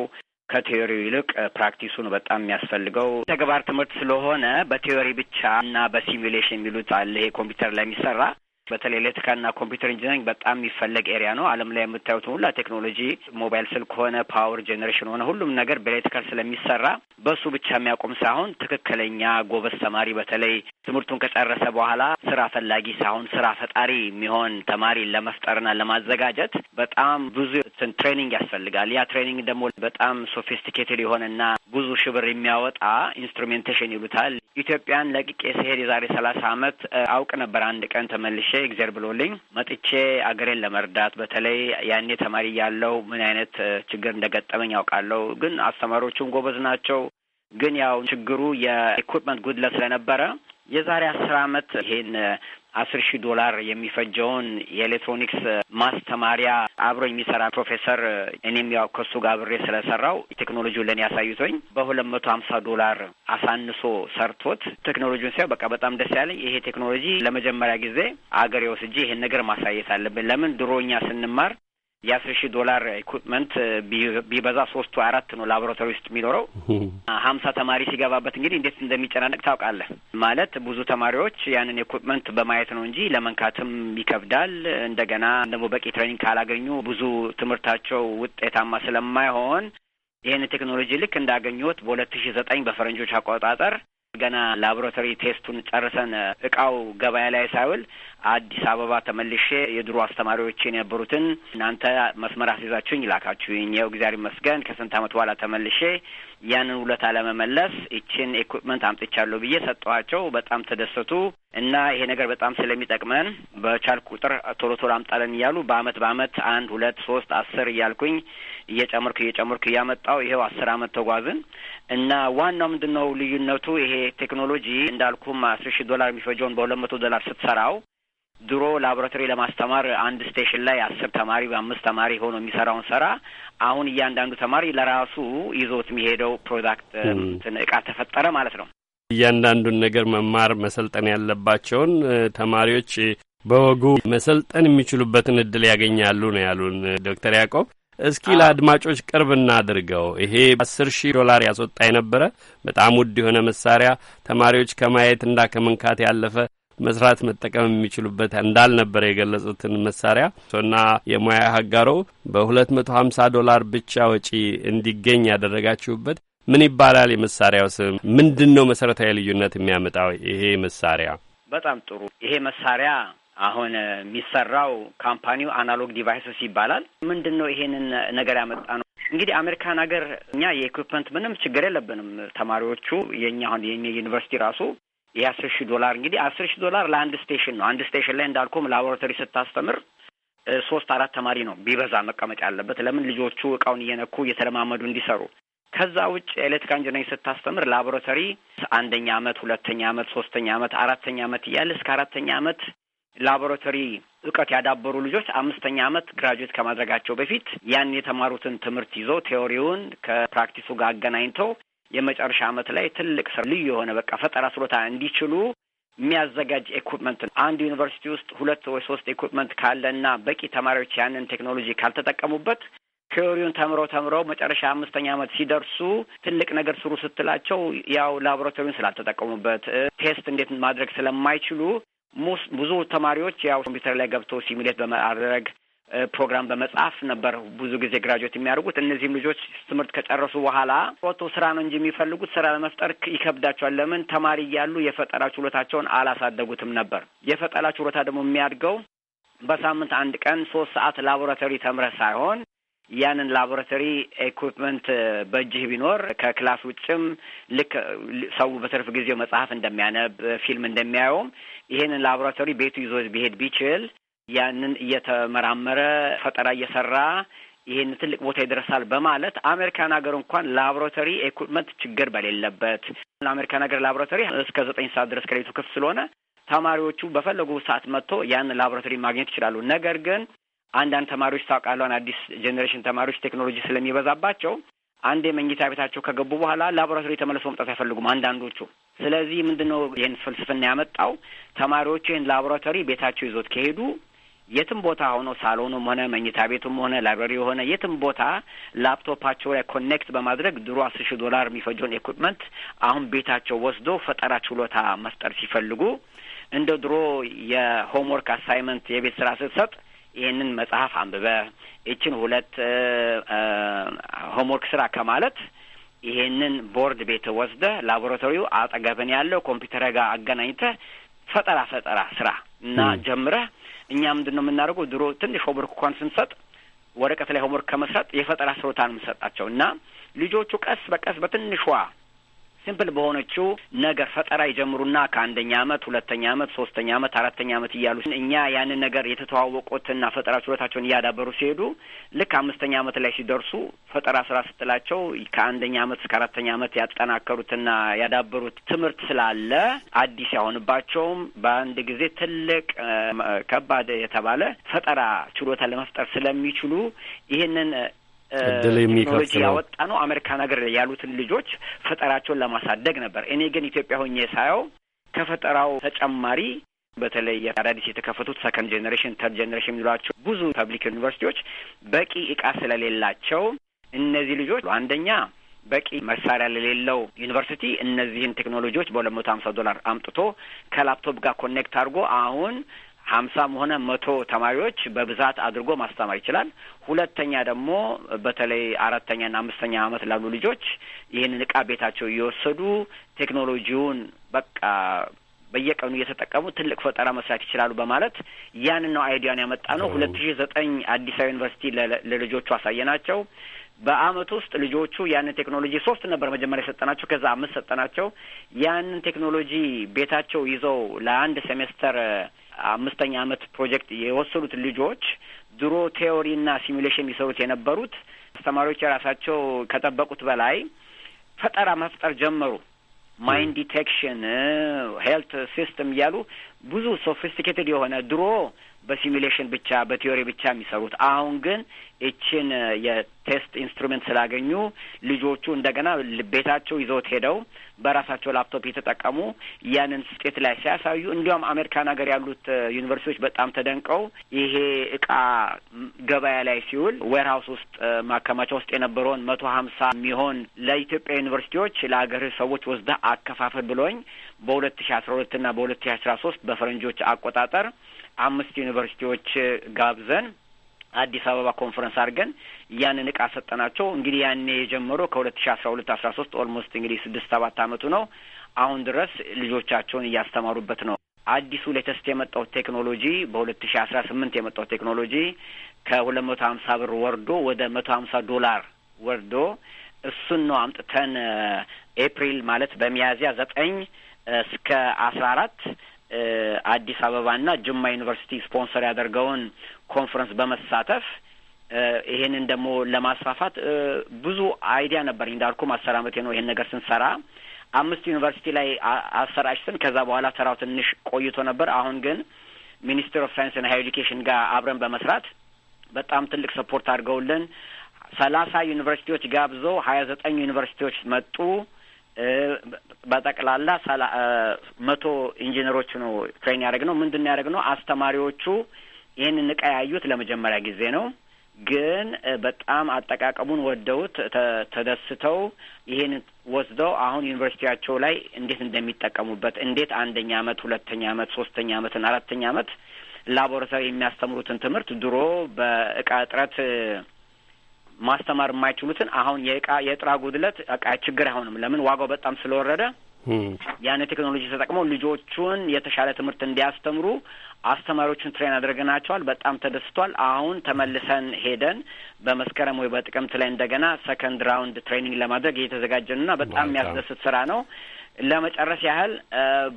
ከቴዎሪው ይልቅ ፕራክቲሱ ነው በጣም የሚያስፈልገው። ተግባር ትምህርት ስለሆነ በቴዎሪ ብቻ እና በሲሚሌሽን የሚሉት አለ ይሄ ኮምፒውተር ላይ የሚሰራ በተለይ ኤሌክትሪካልና ኮምፒውተር ኢንጂነሪንግ በጣም የሚፈለግ ኤሪያ ነው። ዓለም ላይ የምታዩት ሁላ ቴክኖሎጂ ሞባይል ስልክ ሆነ ፓወር ጄኔሬሽን ሆነ ሁሉም ነገር በኤሌክትሪካል ስለሚሰራ በሱ ብቻ የሚያቆም ሳይሆን ትክክለኛ ጎበዝ ተማሪ በተለይ ትምህርቱን ከጨረሰ በኋላ ስራ ፈላጊ ሳይሆን ስራ ፈጣሪ የሚሆን ተማሪ ለመፍጠርና ለማዘጋጀት በጣም ብዙ ትሬኒንግ ያስፈልጋል። ያ ትሬኒንግ ደግሞ በጣም ሶፊስቲኬትድ የሆነና ብዙ ሽብር የሚያወጣ ኢንስትሩሜንቴሽን ይሉታል። ኢትዮጵያን ለቅቄ ስሄድ የዛሬ ሰላሳ አመት አውቅ ነበር አንድ ቀን ተመልሼ እግዜር ብሎልኝ መጥቼ አገሬን ለመርዳት በተለይ ያኔ ተማሪ ያለው ምን አይነት ችግር እንደገጠመኝ ያውቃለሁ። ግን አስተማሪዎቹም ጎበዝ ናቸው። ግን ያው ችግሩ የኢኩፕመንት ጉድለት ስለነበረ የዛሬ አስር አመት ይሄን አስር ሺህ ዶላር የሚፈጀውን የኤሌክትሮኒክስ ማስተማሪያ አብሮ የሚሰራ ፕሮፌሰር እኔም ያው ከሱ ጋር አብሬ ስለሰራው ቴክኖሎጂውን ለእኔ ያሳዩቶኝ በሁለት መቶ ሀምሳ ዶላር አሳንሶ ሰርቶት ቴክኖሎጂውን ሲያው በቃ በጣም ደስ ያለኝ ይሄ ቴክኖሎጂ ለመጀመሪያ ጊዜ አገሬ ወስጄ ይሄን ነገር ማሳየት አለብን። ለምን ድሮ እኛ ስንማር የአስር ሺህ ዶላር ኢኩፕመንት ቢበዛ ሶስቱ አራት ነው ላቦራቶሪ ውስጥ የሚኖረው። ሀምሳ ተማሪ ሲገባበት እንግዲህ እንዴት እንደሚጨናነቅ ታውቃለህ። ማለት ብዙ ተማሪዎች ያንን ኢኩፕመንት በማየት ነው እንጂ ለመንካትም ይከብዳል። እንደገና ደግሞ በቂ ትሬኒንግ ካላገኙ ብዙ ትምህርታቸው ውጤታማ ስለማይሆን ይህን ቴክኖሎጂ ልክ እንዳገኘሁት በሁለት ሺ ዘጠኝ በፈረንጆች አቆጣጠር ገና ላቦራቶሪ ቴስቱን ጨርሰን እቃው ገበያ ላይ ሳይውል አዲስ አበባ ተመልሼ የድሮ አስተማሪዎች የነበሩትን እናንተ መስመር አስይዛችሁኝ ይላካችሁኝ ይኸው እግዚአብሔር ይመስገን ከስንት ዓመት በኋላ ተመልሼ ያንን ውለታ ለመመለስ ይችን ኤኩፕመንት አምጥቻለሁ ብዬ ሰጠኋቸው። በጣም ተደሰቱ እና ይሄ ነገር በጣም ስለሚጠቅመን በቻል ቁጥር ቶሎ ቶሎ አምጣለን እያሉ በአመት በአመት አንድ ሁለት ሶስት አስር እያልኩኝ እየጨመርኩ እየጨመርኩ እያመጣው ይኸው አስር አመት ተጓዝን እና ዋናው ምንድን ነው ልዩነቱ ይሄ ቴክኖሎጂ እንዳልኩም አስር ሺህ ዶላር የሚፈጀውን በሁለት መቶ ዶላር ስትሰራው ድሮ ላቦራቶሪ ለማስተማር አንድ ስቴሽን ላይ አስር ተማሪ በአምስት ተማሪ ሆኖ የሚሰራውን ስራ አሁን እያንዳንዱ ተማሪ ለራሱ ይዞት የሚሄደው ፕሮዳክት እቃ ተፈጠረ ማለት ነው። እያንዳንዱን ነገር መማር መሰልጠን ያለባቸውን ተማሪዎች በወጉ መሰልጠን የሚችሉበትን እድል ያገኛሉ ነው ያሉን ዶክተር ያዕቆብ። እስኪ ለአድማጮች ቅርብ እናድርገው። ይሄ አስር ሺህ ዶላር ያስወጣ የነበረ በጣም ውድ የሆነ መሳሪያ ተማሪዎች ከማየትና ከመንካት ያለፈ መስራት መጠቀም የሚችሉበት እንዳልነበረ የገለጹትን መሳሪያ እና የሙያ ሀጋሮ በ መቶ ዶላር ብቻ ወጪ እንዲገኝ ያደረጋችሁበት ምን ይባላል? የመሳሪያው ስም ምንድን ነው? መሰረታዊ ልዩነት የሚያመጣው ይሄ መሳሪያ? በጣም ጥሩ። ይሄ መሳሪያ አሁን የሚሰራው ካምፓኒው አናሎግ ዲቫይስስ ይባላል። ምንድን ነው ይሄንን ነገር ያመጣ ነው? እንግዲህ አሜሪካን ሀገር እኛ የኢኩፕመንት ምንም ችግር የለብንም። ተማሪዎቹ የእኛ አሁን የኛ ዩኒቨርሲቲ ራሱ የአስር ሺህ ዶላር እንግዲህ አስር ሺህ ዶላር ለአንድ ስቴሽን ነው። አንድ ስቴሽን ላይ እንዳልኩም ላቦራቶሪ ስታስተምር ሶስት አራት ተማሪ ነው ቢበዛ መቀመጫ ያለበት። ለምን ልጆቹ እቃውን እየነኩ እየተለማመዱ እንዲሰሩ። ከዛ ውጭ ኤሌክትሪካል ኢንጂነሪንግ ስታስተምር ላቦራቶሪ አንደኛ አመት፣ ሁለተኛ አመት፣ ሶስተኛ አመት፣ አራተኛ አመት እያለ እስከ አራተኛ አመት ላቦራቶሪ እውቀት ያዳበሩ ልጆች አምስተኛ አመት ግራጁዌት ከማድረጋቸው በፊት ያን የተማሩትን ትምህርት ይዞ ቴዎሪውን ከፕራክቲሱ ጋር አገናኝተው የመጨረሻ አመት ላይ ትልቅ ስራ ልዩ የሆነ በቃ ፈጠራ ችሎታ እንዲችሉ የሚያዘጋጅ ኤኩፕመንት ነው። አንድ ዩኒቨርሲቲ ውስጥ ሁለት ወይ ሶስት ኤኩፕመንት ካለና በቂ ተማሪዎች ያንን ቴክኖሎጂ ካልተጠቀሙበት ቴዎሪውን ተምረው ተምረው መጨረሻ አምስተኛ አመት ሲደርሱ ትልቅ ነገር ስሩ ስትላቸው ያው ላቦራቶሪውን ስላልተጠቀሙበት ቴስት እንዴት ማድረግ ስለማይችሉ ብዙ ተማሪዎች ያው ኮምፒውተር ላይ ገብቶ ሲሚሌት በማድረግ ፕሮግራም በመጽሐፍ ነበር ብዙ ጊዜ ግራጁዌት የሚያደርጉት። እነዚህም ልጆች ትምህርት ከጨረሱ በኋላ ሮቶ ስራ ነው እንጂ የሚፈልጉት ስራ ለመፍጠር ይከብዳቸዋል። ለምን? ተማሪ እያሉ የፈጠራ ችሎታቸውን አላሳደጉትም ነበር። የፈጠራ ችሎታ ደግሞ የሚያድገው በሳምንት አንድ ቀን ሶስት ሰዓት ላቦራቶሪ ተምረህ ሳይሆን ያንን ላቦራቶሪ ኤኩፕመንት በእጅህ ቢኖር ከክላስ ውጭም ልክ ሰው በትርፍ ጊዜው መጽሐፍ እንደሚያነብ ፊልም እንደሚያየውም ይሄንን ላቦራቶሪ ቤቱ ይዞ ቢሄድ ቢችል ያንን እየተመራመረ ፈጠራ እየሰራ ይህን ትልቅ ቦታ ይደርሳል በማለት አሜሪካን ሀገር እንኳን ላቦራቶሪ ኤኩፕመንት ችግር በሌለበት ለአሜሪካን ሀገር ላቦራቶሪ እስከ ዘጠኝ ሰዓት ድረስ ከሌቱ ክፍት ስለሆነ ተማሪዎቹ በፈለጉ ሰዓት መጥቶ ያንን ላቦራቶሪ ማግኘት ይችላሉ። ነገር ግን አንዳንድ ተማሪዎች ታውቃለን፣ አዲስ ጄኔሬሽን ተማሪዎች ቴክኖሎጂ ስለሚበዛባቸው አንድ የመኝታ ቤታቸው ከገቡ በኋላ ላቦራቶሪ ተመልሶ መምጣት አይፈልጉም አንዳንዶቹ። ስለዚህ ምንድን ነው ይህን ፍልስፍና ያመጣው? ተማሪዎቹ ይህን ላቦራቶሪ ቤታቸው ይዞት ከሄዱ የትም ቦታ ሆኖ ሳሎኑም ሆነ መኝታ ቤቱም ሆነ ላይብረሪ ሆነ የትም ቦታ ላፕቶፓቸው ላይ ኮኔክት በማድረግ ድሮ አስር ሺህ ዶላር የሚፈጀውን ኤኩፕመንት አሁን ቤታቸው ወስዶ ፈጠራ ችሎታ መፍጠር ሲፈልጉ እንደ ድሮ የሆምወርክ አሳይመንት የቤት ስራ ስትሰጥ ይህንን መጽሐፍ አንብበ ይችን ሁለት ሆምወርክ ስራ ከማለት ይሄንን ቦርድ ቤት ወስደ ላቦራቶሪው አጠገብን ያለው ኮምፒውተር ጋር አገናኝተ ፈጠራ ፈጠራ ስራ እና ጀምረህ እኛ ምንድን ነው የምናደርገው? ድሮ ትንሽ ሆምወርክ እንኳን ስንሰጥ ወረቀት ላይ ሆምወርክ ከመስራት የፈጠራ ስሮታን እንሰጣቸው እና ልጆቹ ቀስ በቀስ በትንሿ ሲምፕል በሆነችው ነገር ፈጠራ ይጀምሩና ከአንደኛ አመት፣ ሁለተኛ አመት፣ ሶስተኛ አመት፣ አራተኛ አመት እያሉ እኛ ያንን ነገር የተተዋወቁትና ፈጠራ ችሎታቸውን እያዳበሩ ሲሄዱ ልክ አምስተኛ አመት ላይ ሲደርሱ ፈጠራ ስራ ስትላቸው ከአንደኛ አመት እስከ አራተኛ አመት ያጠናከሩትና ያዳበሩት ትምህርት ስላለ አዲስ ያሆንባቸውም በአንድ ጊዜ ትልቅ ከባድ የተባለ ፈጠራ ችሎታ ለመፍጠር ስለሚችሉ ይህንን ቴክኖሎጂ ያወጣ ነው አሜሪካን ሀገር ያሉትን ልጆች ፈጠራቸውን ለማሳደግ ነበር። እኔ ግን ኢትዮጵያ ሆኜ ሳየው ከፈጠራው ተጨማሪ በተለይ የአዳዲስ የተከፈቱት ሰከንድ ጄኔሬሽን ተርድ ጄኔሬሽን የሚሏቸው ብዙ ፐብሊክ ዩኒቨርሲቲዎች በቂ እቃ ስለሌላቸው እነዚህ ልጆች አንደኛ በቂ መሳሪያ ለሌለው ዩኒቨርሲቲ እነዚህን ቴክኖሎጂዎች በሁለት መቶ ሀምሳ ዶላር አምጥቶ ከላፕቶፕ ጋር ኮኔክት አድርጎ አሁን ሀምሳም ሆነ መቶ ተማሪዎች በብዛት አድርጎ ማስተማር ይችላል። ሁለተኛ ደግሞ በተለይ አራተኛና አምስተኛ ዓመት ላሉ ልጆች ይህንን እቃ ቤታቸው እየወሰዱ ቴክኖሎጂውን በቃ በየቀኑ እየተጠቀሙ ትልቅ ፈጠራ መስራት ይችላሉ በማለት ያንን ነው አይዲያን ያመጣ ነው። ሁለት ሺ ዘጠኝ አዲስ አበባ ዩኒቨርሲቲ ለልጆቹ አሳየናቸው። በአመት ውስጥ ልጆቹ ያንን ቴክኖሎጂ ሶስት ነበር መጀመሪያ የሰጠናቸው፣ ከዛ አምስት ሰጠናቸው። ያንን ቴክኖሎጂ ቤታቸው ይዘው ለአንድ ሴሜስተር አምስተኛ ዓመት ፕሮጀክት የወሰዱት ልጆች ድሮ ቴዎሪና ሲሚሌሽን የሚሰሩት የነበሩት አስተማሪዎች የራሳቸው ከጠበቁት በላይ ፈጠራ መፍጠር ጀመሩ። ማይንድ ዲቴክሽን፣ ሄልት ሲስተም እያሉ ብዙ ሶፊስቲኬትድ የሆነ ድሮ በሲሚሌሽን ብቻ በቲዮሪ ብቻ የሚሰሩት። አሁን ግን ይችን የቴስት ኢንስትሩመንት ስላገኙ ልጆቹ እንደገና ቤታቸው ይዘውት ሄደው በራሳቸው ላፕቶፕ የተጠቀሙ ያንን ስጤት ላይ ሲያሳዩ፣ እንዲያውም አሜሪካን ሀገር ያሉት ዩኒቨርሲቲዎች በጣም ተደንቀው ይሄ እቃ ገበያ ላይ ሲውል ዌርሀውስ ውስጥ ማከማቻ ውስጥ የነበረውን መቶ ሀምሳ የሚሆን ለኢትዮጵያ ዩኒቨርሲቲዎች ለሀገር ሰዎች ወስደህ አከፋፈል ብሎኝ በሁለት ሺ አስራ ሁለት ና በሁለት ሺ አስራ ሶስት በፈረንጆች አቆጣጠር አምስት ዩኒቨርሲቲዎች ጋብዘን አዲስ አበባ ኮንፈረንስ አድርገን ያንን እቃ ሰጠናቸው። እንግዲህ ያኔ የጀመሮ ከሁለት ሺ አስራ ሁለት አስራ ሶስት ኦልሞስት እንግዲህ ስድስት ሰባት አመቱ ነው። አሁን ድረስ ልጆቻቸውን እያስተማሩበት ነው። አዲሱ ሌተስት የመጣው ቴክኖሎጂ በሁለት ሺ አስራ ስምንት የመጣው ቴክኖሎጂ ከሁለት መቶ ሀምሳ ብር ወርዶ ወደ መቶ ሀምሳ ዶላር ወርዶ እሱን ነው አምጥተን ኤፕሪል ማለት በሚያዝያ ዘጠኝ እስከ አስራ አራት አዲስ አበባና ጅማ ዩኒቨርሲቲ ስፖንሰር ያደርገውን ኮንፈረንስ በመሳተፍ ይሄንን ደግሞ ለማስፋፋት ብዙ አይዲያ ነበር እንዳልኩም አስር አመቴ ነው ይሄን ነገር ስንሰራ አምስት ዩኒቨርሲቲ ላይ አሰራጭተን ከዛ በኋላ ሰራው ትንሽ ቆይቶ ነበር። አሁን ግን ሚኒስትር ኦፍ ሳይንስ ና ሀይ ኤዱኬሽን ጋር አብረን በመስራት በጣም ትልቅ ሰፖርት አድርገውልን ሰላሳ ዩኒቨርሲቲዎች ጋብዘው ሀያ ዘጠኝ ዩኒቨርሲቲዎች መጡ። በጠቅላላ መቶ ኢንጂነሮች ነው ትሬን ያደረግ ነው። ምንድን ነው ያደረግ ነው? አስተማሪዎቹ ይህን ንቃ ያዩት ለመጀመሪያ ጊዜ ነው። ግን በጣም አጠቃቀሙን ወደውት ተደስተው ይህን ወስደው አሁን ዩኒቨርሲቲያቸው ላይ እንዴት እንደሚጠቀሙበት እንዴት አንደኛ አመት፣ ሁለተኛ አመት፣ ሶስተኛ አመትን አራተኛ አመት ላቦራቶሪ የሚያስተምሩትን ትምህርት ድሮ በእቃ እጥረት ማስተማር የማይችሉትን አሁን የእቃ የጥራ ጉድለት እቃ ችግር አይሆንም። ለምን ዋጋው በጣም ስለወረደ ያን ቴክኖሎጂ ተጠቅመው ልጆቹን የተሻለ ትምህርት እንዲያስተምሩ አስተማሪዎቹን ትሬን አድርገናቸዋል። በጣም ተደስቷል። አሁን ተመልሰን ሄደን በመስከረም ወይ በጥቅምት ላይ እንደገና ሰከንድ ራውንድ ትሬኒንግ ለማድረግ ና በጣም የሚያስደስት ስራ ነው። ለመጨረስ ያህል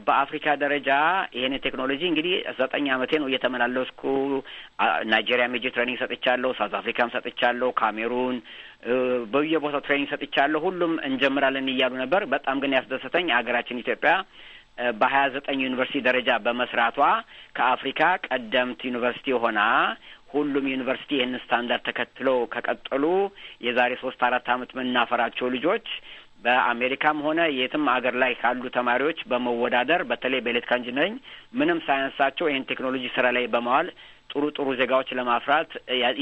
በአፍሪካ ደረጃ ይሄን ቴክኖሎጂ እንግዲህ ዘጠኝ ዓመቴ ነው እየተመላለስኩ ናይጄሪያ ሜጂ ትሬኒንግ ሰጥቻለሁ፣ ሳውዝ አፍሪካም ሰጥቻለሁ፣ ካሜሩን በየቦታው ትሬኒንግ ሰጥቻለሁ። ሁሉም እንጀምራለን እያሉ ነበር። በጣም ግን ያስደሰተኝ ሀገራችን ኢትዮጵያ በሀያ ዘጠኝ ዩኒቨርሲቲ ደረጃ በመስራቷ ከአፍሪካ ቀደምት ዩኒቨርሲቲ ሆና ሁሉም ዩኒቨርሲቲ ይህን ስታንዳርድ ተከትለው ከቀጠሉ የዛሬ ሶስት አራት ዓመት የምናፈራቸው ልጆች በአሜሪካም ሆነ የትም አገር ላይ ካሉ ተማሪዎች በመወዳደር በተለይ በኤሌትካ ኢንጂነሪንግ ምንም ሳያንሳቸው ይህን ቴክኖሎጂ ስራ ላይ በመዋል ጥሩ ጥሩ ዜጋዎች ለማፍራት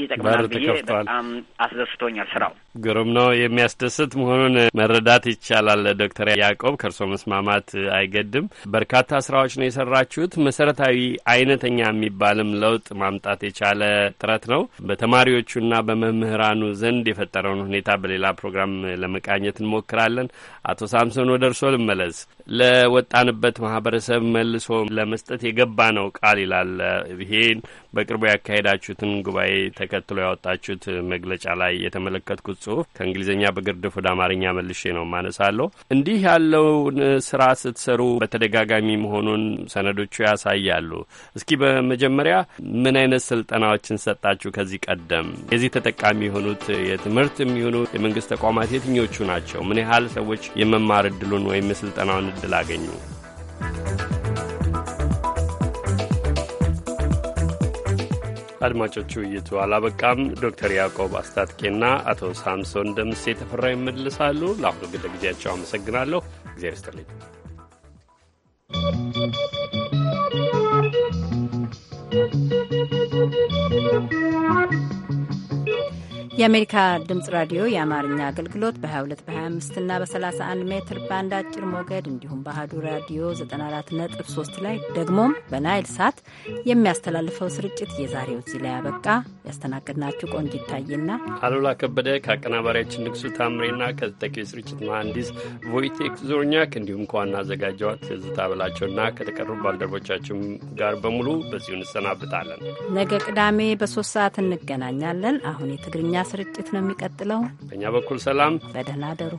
ይጠቅማል ብዬ በጣም አስደስቶኛል። ስራው ግሩም ነው፣ የሚያስደስት መሆኑን መረዳት ይቻላል። ዶክተር ያዕቆብ ከእርሶ መስማማት አይገድም። በርካታ ስራዎች ነው የሰራችሁት። መሰረታዊ አይነተኛ የሚባልም ለውጥ ማምጣት የቻለ ጥረት ነው። በተማሪዎቹና በመምህራኑ ዘንድ የፈጠረውን ሁኔታ በሌላ ፕሮግራም ለመቃኘት እንሞክራለን። አቶ ሳምሶን ወደ እርሶ ልመለስ። ለወጣንበት ማህበረሰብ መልሶ ለመስጠት የገባ ነው ቃል ይላል ይሄን በቅርቡ ያካሄዳችሁትን ጉባኤ ተከትሎ ያወጣችሁት መግለጫ ላይ የተመለከትኩት ጽሁፍ ከእንግሊዝኛ በግርድፍ ወደ አማርኛ መልሼ ነው ማነሳለሁ። እንዲህ ያለውን ስራ ስትሰሩ በተደጋጋሚ መሆኑን ሰነዶቹ ያሳያሉ። እስኪ በመጀመሪያ ምን አይነት ስልጠናዎችን ሰጣችሁ? ከዚህ ቀደም የዚህ ተጠቃሚ የሆኑት የትምህርት የሚሆኑ የመንግስት ተቋማት የትኞቹ ናቸው? ምን ያህል ሰዎች የመማር እድሉን ወይም የስልጠናውን እድል አገኙ? አድማጮቹ ውይይቱ አላበቃም። ዶክተር ያዕቆብ አስታጥቄና አቶ ሳምሶን ደምሴ ተፈራ ይመልሳሉ። ለአሁኑ ግን ለጊዜያቸው አመሰግናለሁ። እግዚአብሔር ይስጥልኝ። Thank you. የአሜሪካ ድምፅ ራዲዮ የአማርኛ አገልግሎት በ22 በ25 እና በ31 ሜትር ባንድ አጭር ሞገድ እንዲሁም በአህዱ ራዲዮ 94.3 ላይ ደግሞም በናይል ሳት የሚያስተላልፈው ስርጭት የዛሬው እዚህ ላይ ያበቃ። ያስተናገድናችሁ ቆንጅ ይታይና አሉላ ከበደ ከአቀናባሪያችን ንጉሱ ታምሬና ከተጠቂው የስርጭት መሐንዲስ ቮይቴክ ዞርኛክ እንዲሁም ከዋና አዘጋጇ ትዝታ በላቸውና ከተቀሩ ባልደረቦቻችን ጋር በሙሉ በዚሁ እንሰናብታለን። ነገ ቅዳሜ በሶስት ሰዓት እንገናኛለን። አሁን የትግርኛ ስርጭት ነው የሚቀጥለው። በእኛ በኩል ሰላም፣ በደህና አደሩ።